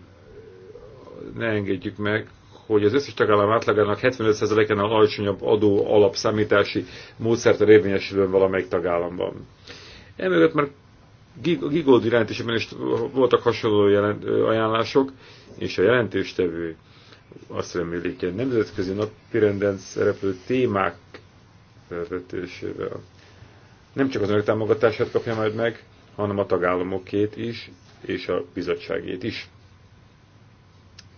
ne engedjük meg, hogy az összes tagállam átlagának 75%-en alacsonyabb adó alapszámítási módszertan érvényesülön valamelyik tagállamban. Emögött már Gigold jelentésében is voltak hasonló jelent, ajánlások, és a jelentéstevő azt reméli, hogy a nemzetközi napirenden szereplő témák felvetésével nem csak az önök támogatását kapja majd meg, hanem a tagállamokét is, és a bizottságét is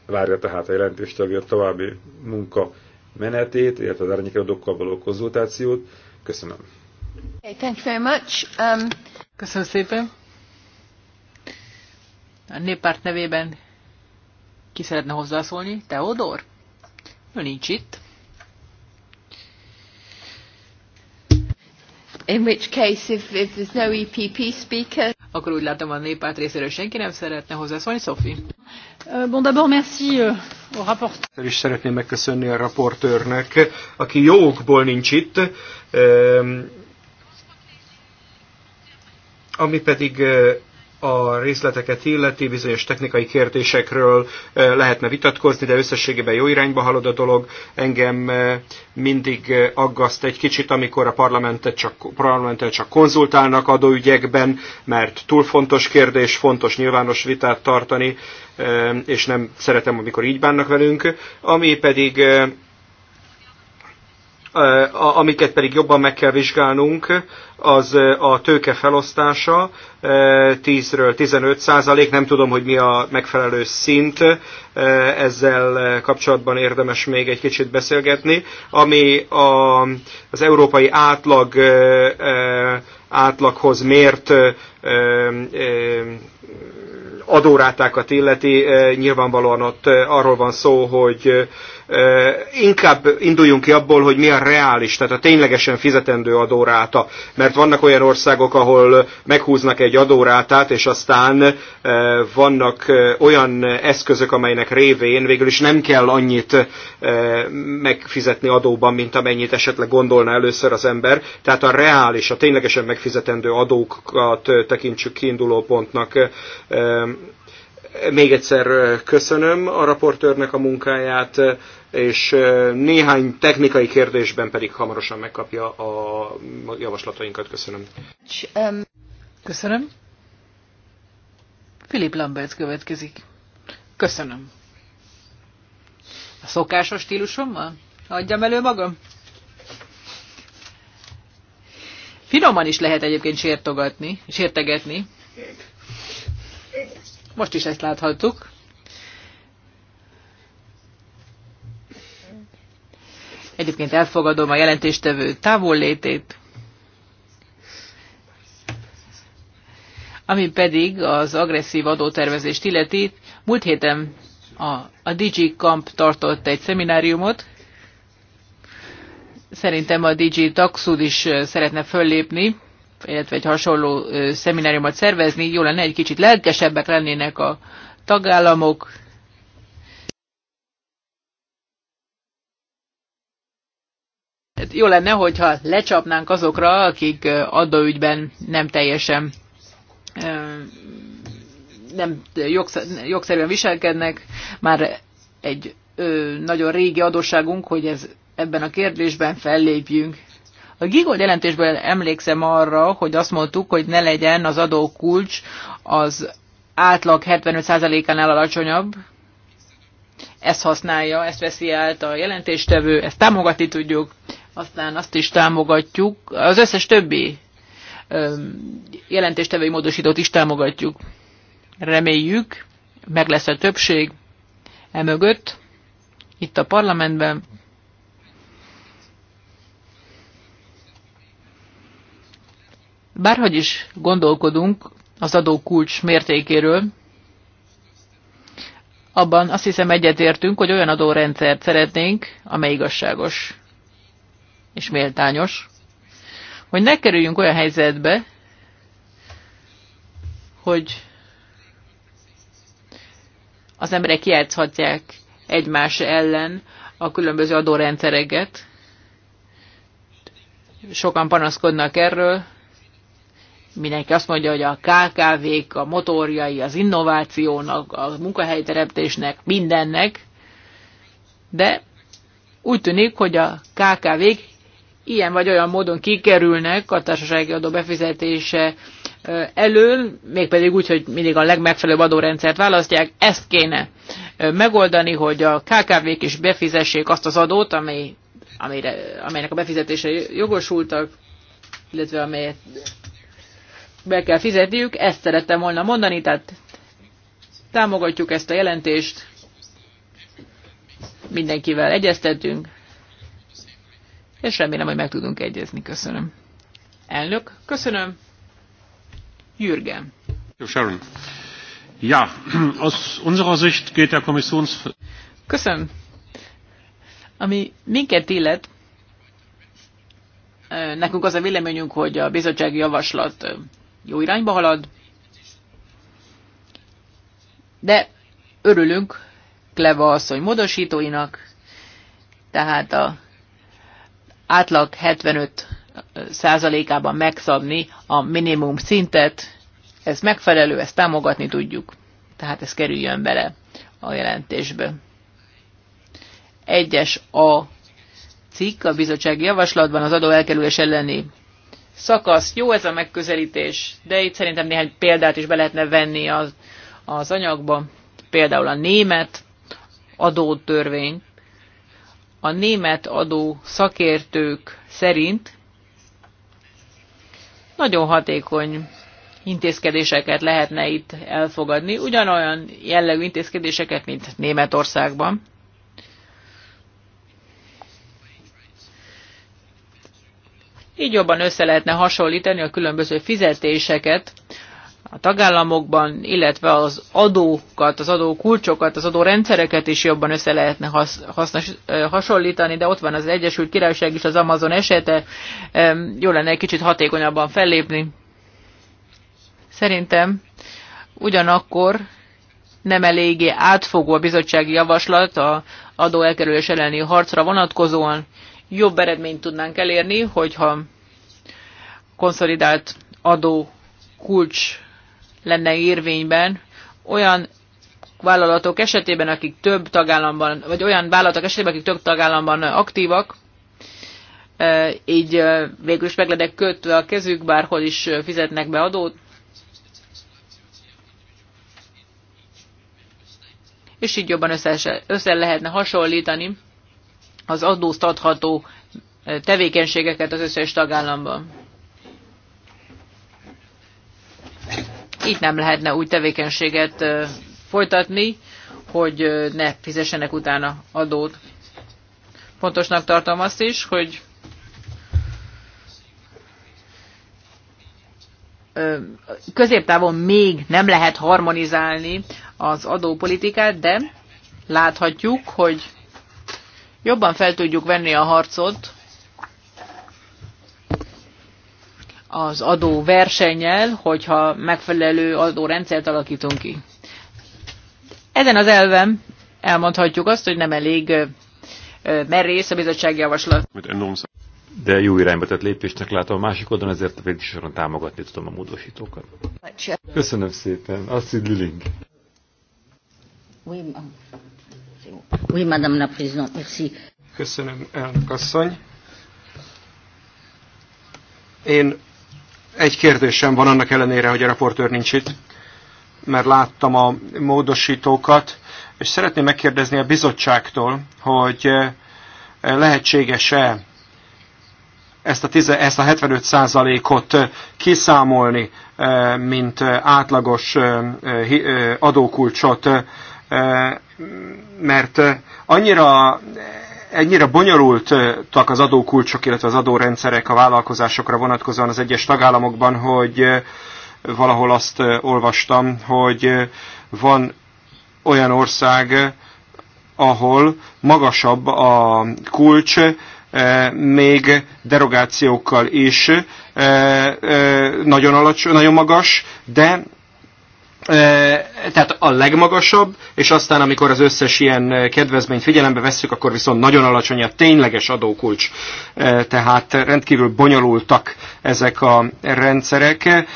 várja tehát a jelentést a további munka menetét, illetve az árnyékadókkal való konzultációt. Köszönöm. Okay, thank you very much. Um... Köszönöm szépen. A néppárt nevében ki szeretne hozzászólni? Teodor? Ő nincs itt. In which case, if, if there's no EPP speaker... Akkor úgy látom, a néppárt részéről senki nem szeretne hozzászólni. Sophie? Euh, euh, Először is szeretném megköszönni a raportőrnek, aki jó okból nincs itt, um, ami pedig uh, a részleteket illeti, bizonyos technikai kérdésekről eh, lehetne vitatkozni, de összességében jó irányba halad a dolog. Engem eh, mindig eh, aggaszt egy kicsit, amikor a parlamentet csak, parlamentet csak konzultálnak adóügyekben, mert túl fontos kérdés, fontos nyilvános vitát tartani, és nem szeretem, amikor így bánnak velünk. Ami pedig amiket pedig jobban meg kell vizsgálnunk, az a tőke felosztása 10-ről 15 százalék, nem tudom, hogy mi a megfelelő szint, ezzel kapcsolatban érdemes még egy kicsit beszélgetni, ami a, az európai átlag átlaghoz mért adórátákat illeti, nyilvánvalóan ott arról van szó, hogy Inkább induljunk ki abból, hogy mi a reális, tehát a ténylegesen fizetendő adóráta. Mert vannak olyan országok, ahol meghúznak egy adórátát, és aztán vannak olyan eszközök, amelynek révén végül is nem kell annyit megfizetni adóban, mint amennyit esetleg gondolna először az ember. Tehát a reális, a ténylegesen megfizetendő adókat tekintsük kiinduló pontnak még egyszer köszönöm a raportőrnek a munkáját, és néhány technikai kérdésben pedig hamarosan megkapja a javaslatainkat. Köszönöm. Köszönöm. Filip Lambert következik. Köszönöm. A szokásos stílusommal? Adjam elő magam? Finoman is lehet egyébként sértogatni, sértegetni. Most is ezt láthattuk. Egyébként elfogadom a jelentéstevő távollétét, ami pedig az agresszív adótervezést illeti. Múlt héten a, a DG Camp tartott egy szemináriumot. Szerintem a DG Taxud is szeretne föllépni, illetve egy hasonló szemináriumot szervezni. Jó lenne, egy kicsit lelkesebbek lennének a tagállamok, Hát jó lenne, hogyha lecsapnánk azokra, akik adóügyben nem teljesen nem jogszerűen viselkednek. Már egy nagyon régi adósságunk, hogy ez ebben a kérdésben fellépjünk. A Gigold jelentésből emlékszem arra, hogy azt mondtuk, hogy ne legyen az adókulcs az átlag 75%-ánál alacsonyabb. Ezt használja, ezt veszi át a jelentéstevő, ezt támogatni tudjuk aztán azt is támogatjuk, az összes többi jelentéstevői módosítót is támogatjuk. Reméljük, meg lesz a többség emögött, itt a parlamentben. Bárhogy is gondolkodunk az adókulcs mértékéről, abban azt hiszem egyetértünk, hogy olyan adórendszert szeretnénk, amely igazságos és méltányos, hogy ne kerüljünk olyan helyzetbe, hogy az emberek játszhatják egymás ellen a különböző adórendszereket. Sokan panaszkodnak erről. Mindenki azt mondja, hogy a KKV-k, a motorjai, az innovációnak, a munkahelyteremtésnek, mindennek. De úgy tűnik, hogy a KKV-k ilyen vagy olyan módon kikerülnek a társasági adó befizetése elől, mégpedig úgy, hogy mindig a legmegfelelőbb adórendszert választják. Ezt kéne megoldani, hogy a KKV-k is befizessék azt az adót, amely, amelyre, amelynek a befizetése jogosultak, illetve amelyet be kell fizetniük. Ezt szerettem volna mondani, tehát támogatjuk ezt a jelentést, mindenkivel egyeztetünk, és remélem, hogy meg tudunk egyezni. Köszönöm. Elnök, köszönöm. Jürgen. Jó, Sharon. Ja, aus unserer Sicht geht der Kommissions... Köszönöm. Ami minket illet, nekünk az a véleményünk, hogy a bizottsági javaslat jó irányba halad, de örülünk Kleva asszony módosítóinak, tehát a átlag 75 százalékában megszabni a minimum szintet. Ez megfelelő, ezt támogatni tudjuk. Tehát ez kerüljön bele a jelentésbe. Egyes a cikk a bizottsági javaslatban az adó elkerülés elleni szakasz. Jó ez a megközelítés, de itt szerintem néhány példát is be lehetne venni az, az anyagba. Például a német adótörvényt, a német adó szakértők szerint nagyon hatékony intézkedéseket lehetne itt elfogadni, ugyanolyan jellegű intézkedéseket, mint Németországban. Így jobban össze lehetne hasonlítani a különböző fizetéseket, a tagállamokban, illetve az adókat, az adókulcsokat, az adórendszereket is jobban össze lehetne has, hasznos, hasonlítani, de ott van az Egyesült Királyság is, az Amazon esete, jó lenne egy kicsit hatékonyabban fellépni. Szerintem ugyanakkor nem eléggé átfogó a bizottsági javaslat a adó elkerülés elleni harcra vonatkozóan. Jobb eredményt tudnánk elérni, hogyha konszolidált adó kulcs lenne érvényben olyan vállalatok esetében, akik több tagállamban, vagy olyan vállalatok esetében, akik több tagállamban aktívak, e, így e, végül is meg lennek kötve a kezük, bárhol is fizetnek be adót. És így jobban össze, össze lehetne hasonlítani az adóztatható e, tevékenységeket az összes tagállamban. Így nem lehetne úgy tevékenységet folytatni, hogy ne fizessenek utána adót. Pontosnak tartom azt is, hogy középtávon még nem lehet harmonizálni az adópolitikát, de láthatjuk, hogy jobban fel tudjuk venni a harcot az adó versennyel, hogyha megfelelő adórendszert alakítunk ki. Ezen az elven elmondhatjuk azt, hogy nem elég merész a bizottsági javaslat. De jó irányba tett lépésnek látom a másik oldalon, ezért a soron támogatni tudom a módosítókat. Köszönöm szépen. azt Lüling. Oui, madame la présidente, merci. Köszönöm, elnök asszony. Én egy kérdésem van annak ellenére, hogy a raportőr nincs itt, mert láttam a módosítókat, és szeretném megkérdezni a bizottságtól, hogy eh, lehetséges-e ezt a, 10, ezt a 75%-ot eh, kiszámolni, eh, mint átlagos adókulcsot, mert annyira ennyire bonyolultak az adókulcsok, illetve az adórendszerek a vállalkozásokra vonatkozóan az egyes tagállamokban, hogy eh, valahol azt eh, olvastam, hogy eh, van olyan ország, ahol magasabb a kulcs, még derogációkkal is nagyon, alacsony, nagyon magas, de tehát a legmagasabb, és aztán amikor az összes ilyen kedvezményt figyelembe vesszük, akkor viszont nagyon alacsony a tényleges adókulcs. Tehát rendkívül bonyolultak ezek a rendszerek.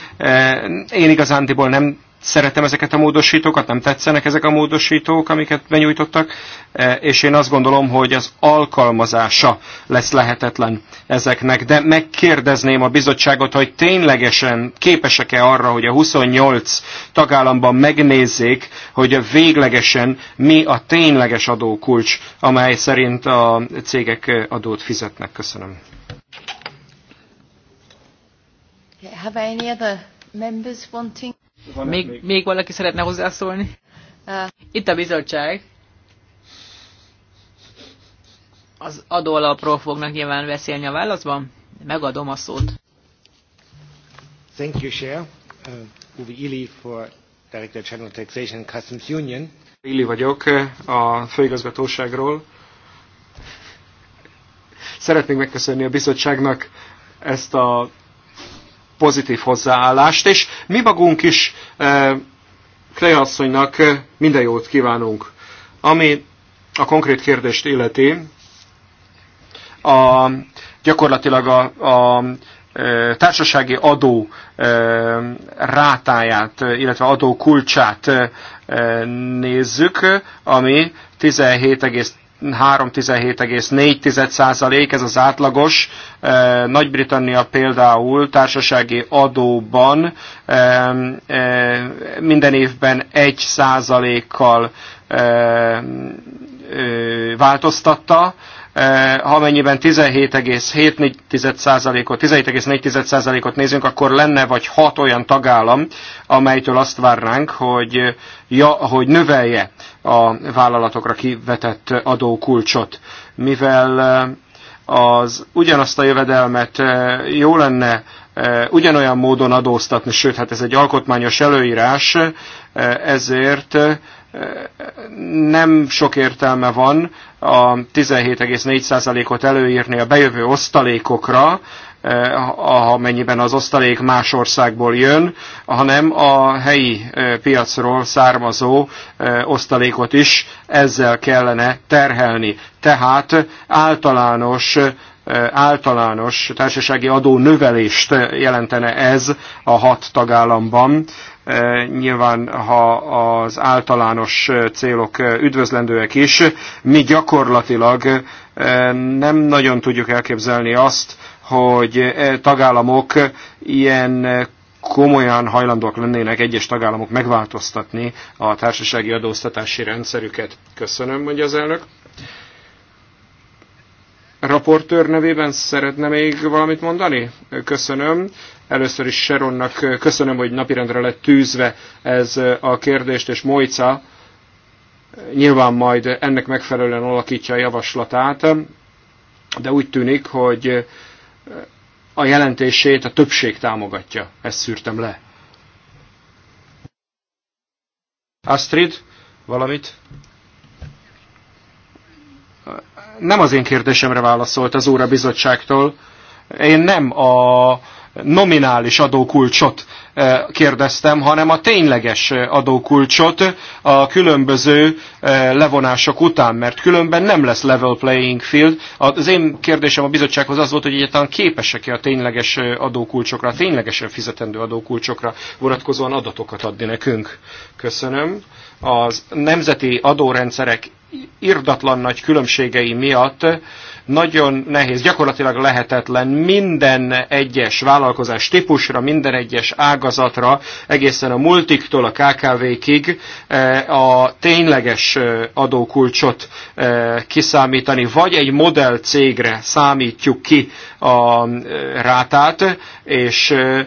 Én igazándiból nem szeretem ezeket a módosítókat, nem tetszenek ezek a módosítók, amiket benyújtottak, e, és én azt gondolom, hogy az alkalmazása lesz lehetetlen ezeknek. De megkérdezném a bizottságot, hogy ténylegesen képesek-e arra, hogy a 28 tagállamban megnézzék, hogy véglegesen mi a tényleges adókulcs, amely szerint a cégek adót fizetnek. Köszönöm. Have any other members wanting? még, még... még valaki szeretne hozzászólni? Uh. Itt a bizottság. Az adóalapról fognak nyilván beszélni a válaszban. Megadom a szót. Thank you, Chair. Uh, Uwe Ili for Director General Taxation and Customs Union. Illy vagyok uh, a főigazgatóságról. Szeretnék megköszönni a bizottságnak ezt a pozitív hozzáállást, és mi magunk is Kleasszonynak eh, eh, minden jót kívánunk. Ami a konkrét kérdést illeti, a, gyakorlatilag a, a eh, társasági adó rátáját, illetve adó kulcsát nézzük, ami 3,17,4 ez az átlagos. E, Nagy-Britannia például társasági adóban e, e, minden évben 1 kal változtatta, ha mennyiben 17,7%-ot, 17,4%-ot nézünk, akkor lenne vagy hat olyan tagállam, amelytől azt várnánk, hogy, ja, hogy növelje a vállalatokra kivetett adókulcsot, mivel eh, az ugyanazt a jövedelmet eh, jó lenne eh, ugyanolyan módon adóztatni, sőt, hát ez egy alkotmányos előírás, ezért nem sok értelme van a 17,4%-ot előírni a bejövő osztalékokra, Eh, amennyiben az osztalék más országból jön, hanem a helyi eh, piacról származó eh, osztalékot is ezzel kellene terhelni. Tehát általános általános társasági adó növelést jelentene ez a hat tagállamban. Nyilván, ha az általános célok üdvözlendőek is, mi gyakorlatilag nem nagyon tudjuk elképzelni azt, hogy eh, tagállamok ilyen eh, komolyan hajlandóak lennének egyes tagállamok megváltoztatni a társasági adóztatási rendszerüket. Köszönöm, mondja az elnök. Raportőr nevében szeretne még valamit mondani? Köszönöm. Először is Sharonnak eh, köszönöm, hogy napirendre lett tűzve ez a kérdést, és Mojca nyilván majd ennek megfelelően alakítja a javaslatát, de úgy tűnik, hogy a jelentését a többség támogatja. Ezt szűrtem le. Astrid, valamit? Nem az én kérdésemre válaszolt az óra bizottságtól. Én nem a nominális adókulcsot Eh, kérdeztem, hanem a tényleges eh, adókulcsot a különböző eh, levonások után, mert különben nem lesz level playing field. Az én kérdésem a bizottsághoz az volt, hogy egyáltalán képesek-e a tényleges adókulcsokra, a ténylegesen fizetendő adókulcsokra vonatkozóan adatokat adni nekünk. Köszönöm. Az nemzeti adórendszerek irdatlan nagy különbségei miatt nagyon nehéz, gyakorlatilag lehetetlen minden egyes vállalkozás típusra, minden egyes ágazatra, egészen a multiktól a KKV-kig eh, a tényleges eh, adókulcsot eh, kiszámítani, vagy egy modell cégre számítjuk ki a eh, rátát, és eh,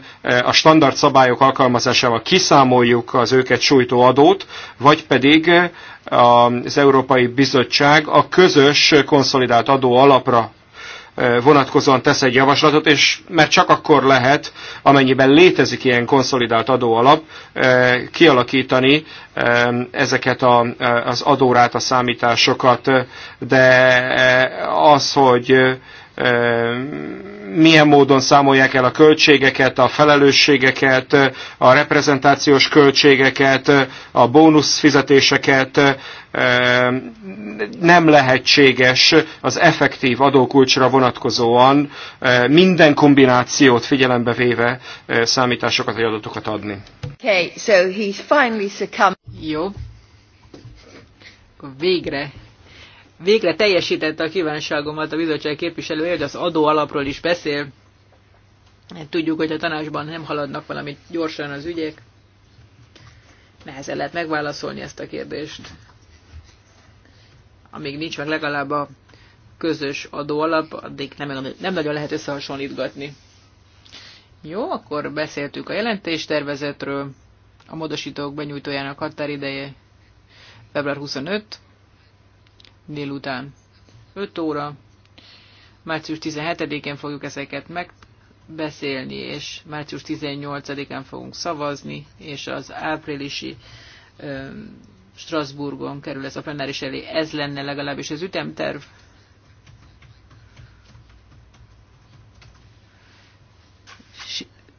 a standard szabályok alkalmazásával kiszámoljuk az őket sújtó adót, vagy pedig eh, az Európai Bizottság a közös konszolidált adó alapra vonatkozóan tesz egy javaslatot, és mert csak akkor lehet, amennyiben létezik ilyen konszolidált adóalap, kialakítani ezeket a, az a számításokat, de az, hogy milyen módon számolják el a költségeket, a felelősségeket, a reprezentációs költségeket, a bónusz fizetéseket. Nem lehetséges az effektív adókulcsra vonatkozóan minden kombinációt figyelembe véve számításokat vagy adatokat adni. Okay, so he's finally succumbed. Jó. Végre végre teljesítette a kívánságomat a bizottság képviselője, hogy az adó alapról is beszél. Tudjuk, hogy a tanácsban nem haladnak valamit gyorsan az ügyek. Nehezen lehet megválaszolni ezt a kérdést. Amíg nincs meg legalább a közös adóalap, addig nem, nem nagyon lehet összehasonlítgatni. Jó, akkor beszéltük a jelentéstervezetről. A módosítók benyújtójának határideje február 25 délután 5 óra. Március 17-én fogjuk ezeket megbeszélni, és március 18-án fogunk szavazni, és az áprilisi ö, Strasbourgon kerül ez a plenáris elé. Ez lenne legalábbis az ütemterv.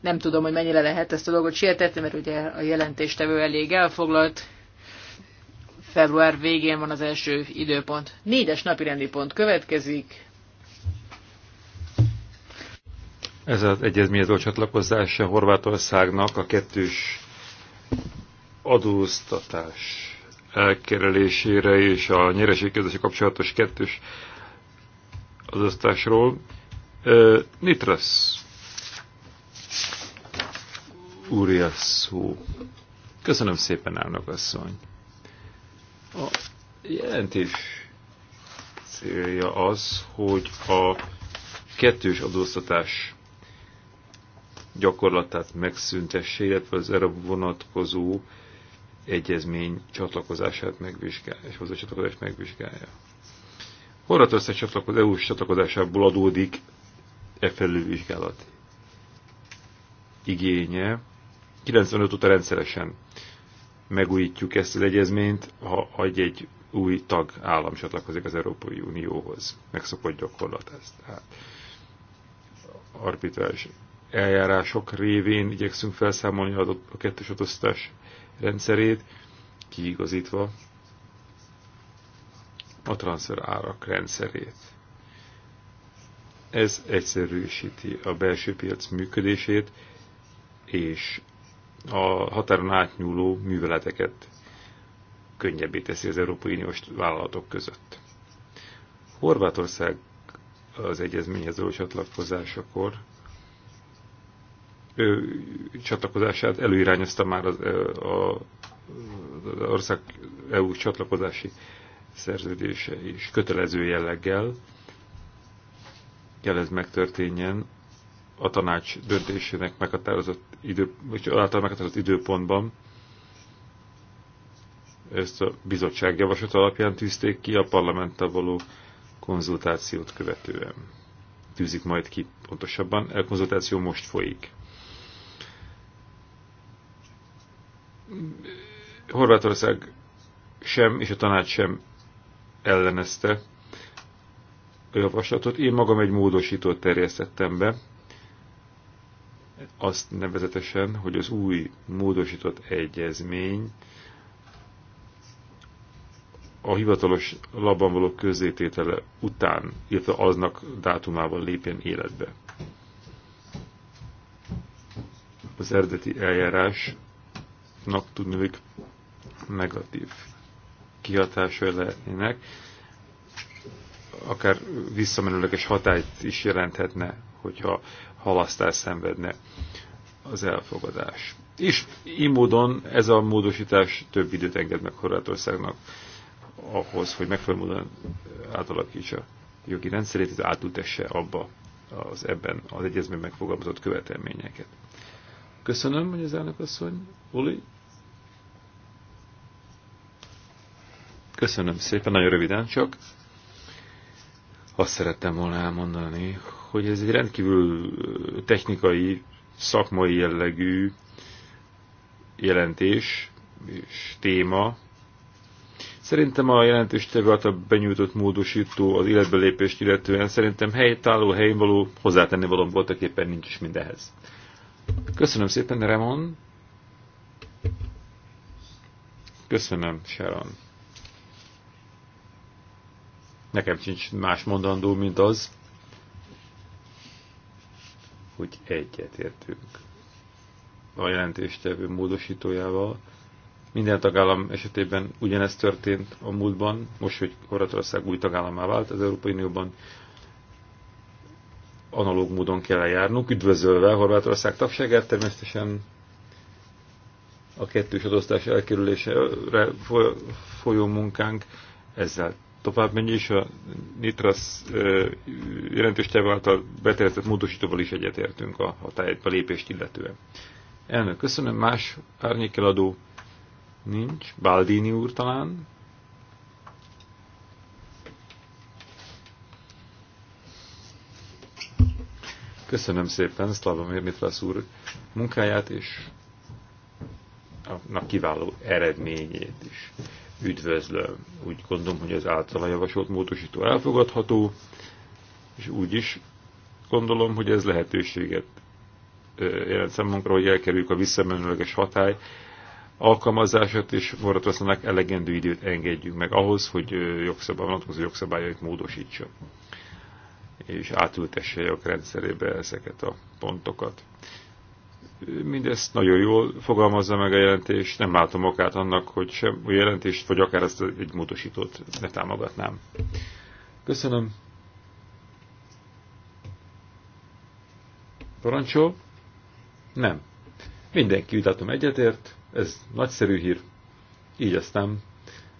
nem tudom, hogy mennyire lehet ezt a dolgot sietetni, mert ugye a jelentéstevő elég elfoglalt, február végén van az első időpont. Négyes napi rendi pont következik. Ez az egyezményező az csatlakozása Horvátországnak a kettős adóztatás elkerülésére és a nyereségkezése kapcsolatos kettős adóztatásról. Nitras, úr szó. Köszönöm szépen, elnök asszony. A jelentés célja az, hogy a kettős adóztatás gyakorlatát megszüntesse, illetve az erre vonatkozó egyezmény csatlakozását megvizsgálja, és hozzá csatlakozást megvizsgálja. Horvátország csatlakoz, EU-s csatlakozásából adódik e felülvizsgálat igénye. 95 óta rendszeresen megújítjuk ezt az egyezményt, ha egy új tag állam csatlakozik az Európai Unióhoz. Megszokott gyakorlat ez. Tehát arbitrális eljárások révén igyekszünk felszámolni a kettős adosztás rendszerét, kiigazítva a transfer árak rendszerét. Ez egyszerűsíti a belső piac működését, és a határon átnyúló műveleteket könnyebbé teszi az Európai Uniós vállalatok között. Horvátország az egyezményhez való csatlakozásakor ő, csatlakozását előirányozta már az, a, az ország EU csatlakozási szerződése is kötelező jelleggel kell ez megtörténjen a tanács döntésének meghatározott, idő, vagy által meghatározott időpontban. Ezt a bizottság javaslat alapján tűzték ki a parlamenttel való konzultációt követően. Tűzik majd ki pontosabban, a e konzultáció most folyik. Horvátország sem, és a tanács sem ellenezte a javaslatot. Én magam egy módosítót terjesztettem be, azt nevezetesen, hogy az új módosított egyezmény a hivatalos labban való közzététele után, illetve aznak dátumával lépjen életbe. Az eredeti eljárásnak tudnék negatív kihatásai lehetnének, akár visszamenőleges hatályt is jelenthetne, hogyha halasztás szenvedne az elfogadás. És így módon ez a módosítás több időt enged meg Horvátországnak ahhoz, hogy megfelelő módon eh, átalakítsa jogi rendszerét, és átültesse abba az ebben az egyezmény megfogalmazott követelményeket. Köszönöm, hogy az elnök asszony, Uli. Köszönöm szépen, nagyon röviden csak. Azt szerettem volna elmondani, hogy ez egy rendkívül technikai, szakmai jellegű jelentés és téma. Szerintem a jelentős a benyújtott módosító az életbelépést illetően szerintem helytálló, helyén való hozzátenni való voltak éppen nincs is mindehez. Köszönöm szépen, Remon. Köszönöm, Sharon. Nekem sincs más mondandó, mint az, hogy egyetértünk a jelentéstevő módosítójával. Minden tagállam esetében ugyanezt történt a múltban, most, hogy Horvátország új tagállamá vált az Európai Unióban, analóg módon kell eljárnunk, üdvözölve Horvátország tagságát természetesen a kettős adosztás elkerülésére folyó munkánk ezzel tovább menni, és a Nitras jelentős által beterjesztett módosítóval is egyetértünk a hatályba lépést illetően. Elnök, köszönöm. Más árnyékeladó nincs. Baldini úr talán. Köszönöm szépen Szlavomir Nitras úr munkáját és a kiváló eredményét is üdvözlöm. Úgy gondolom, hogy az általa javasolt módosító elfogadható, és úgy is gondolom, hogy ez lehetőséget jelent számunkra, hogy elkerüljük a visszamenőleges hatály alkalmazását, és Moratországnak elegendő időt engedjünk meg ahhoz, hogy jogszabály, vonatkozó jogszabályait módosítsa és átültesse a rendszerébe ezeket a pontokat mindezt nagyon jól fogalmazza meg a jelentés, nem látom okát annak, hogy sem a jelentést, vagy akár ezt egy módosítót ne támogatnám. Köszönöm. Parancsó? Nem. Mindenki ütátom egyetért, ez nagyszerű hír. Így aztán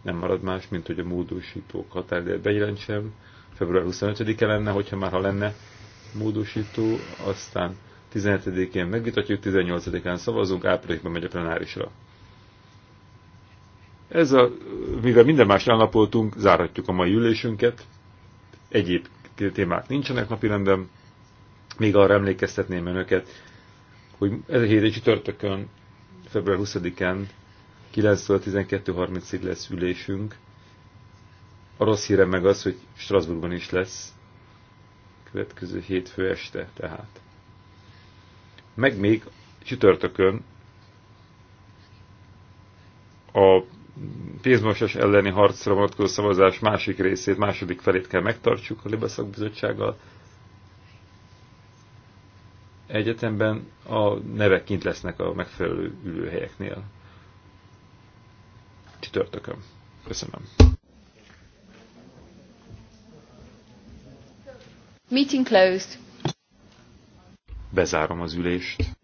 nem marad más, mint hogy a módosítók határidőt bejelentsem. Február 25-e lenne, hogyha már ha lenne módosító, aztán 17-én megvitatjuk, 18-án szavazunk, áprilisban megy a plenárisra. Ez a, mivel minden más állapoltunk, záratjuk a mai ülésünket. Egyéb témák nincsenek napirenden. Még arra emlékeztetném önöket, hogy ez a hét csütörtökön, február 20-án 9-től 12.30-ig lesz ülésünk. A rossz hírem meg az, hogy Strasbourgban is lesz következő hétfő este tehát meg még csütörtökön a pénzmosás elleni harcra vonatkozó szavazás másik részét, második felét kell megtartsuk a Libeszak Bizottsággal. Egyetemben a nevek kint lesznek a megfelelő ülőhelyeknél. Csütörtökön. Köszönöm. Meeting closed. Bezárom az ülést.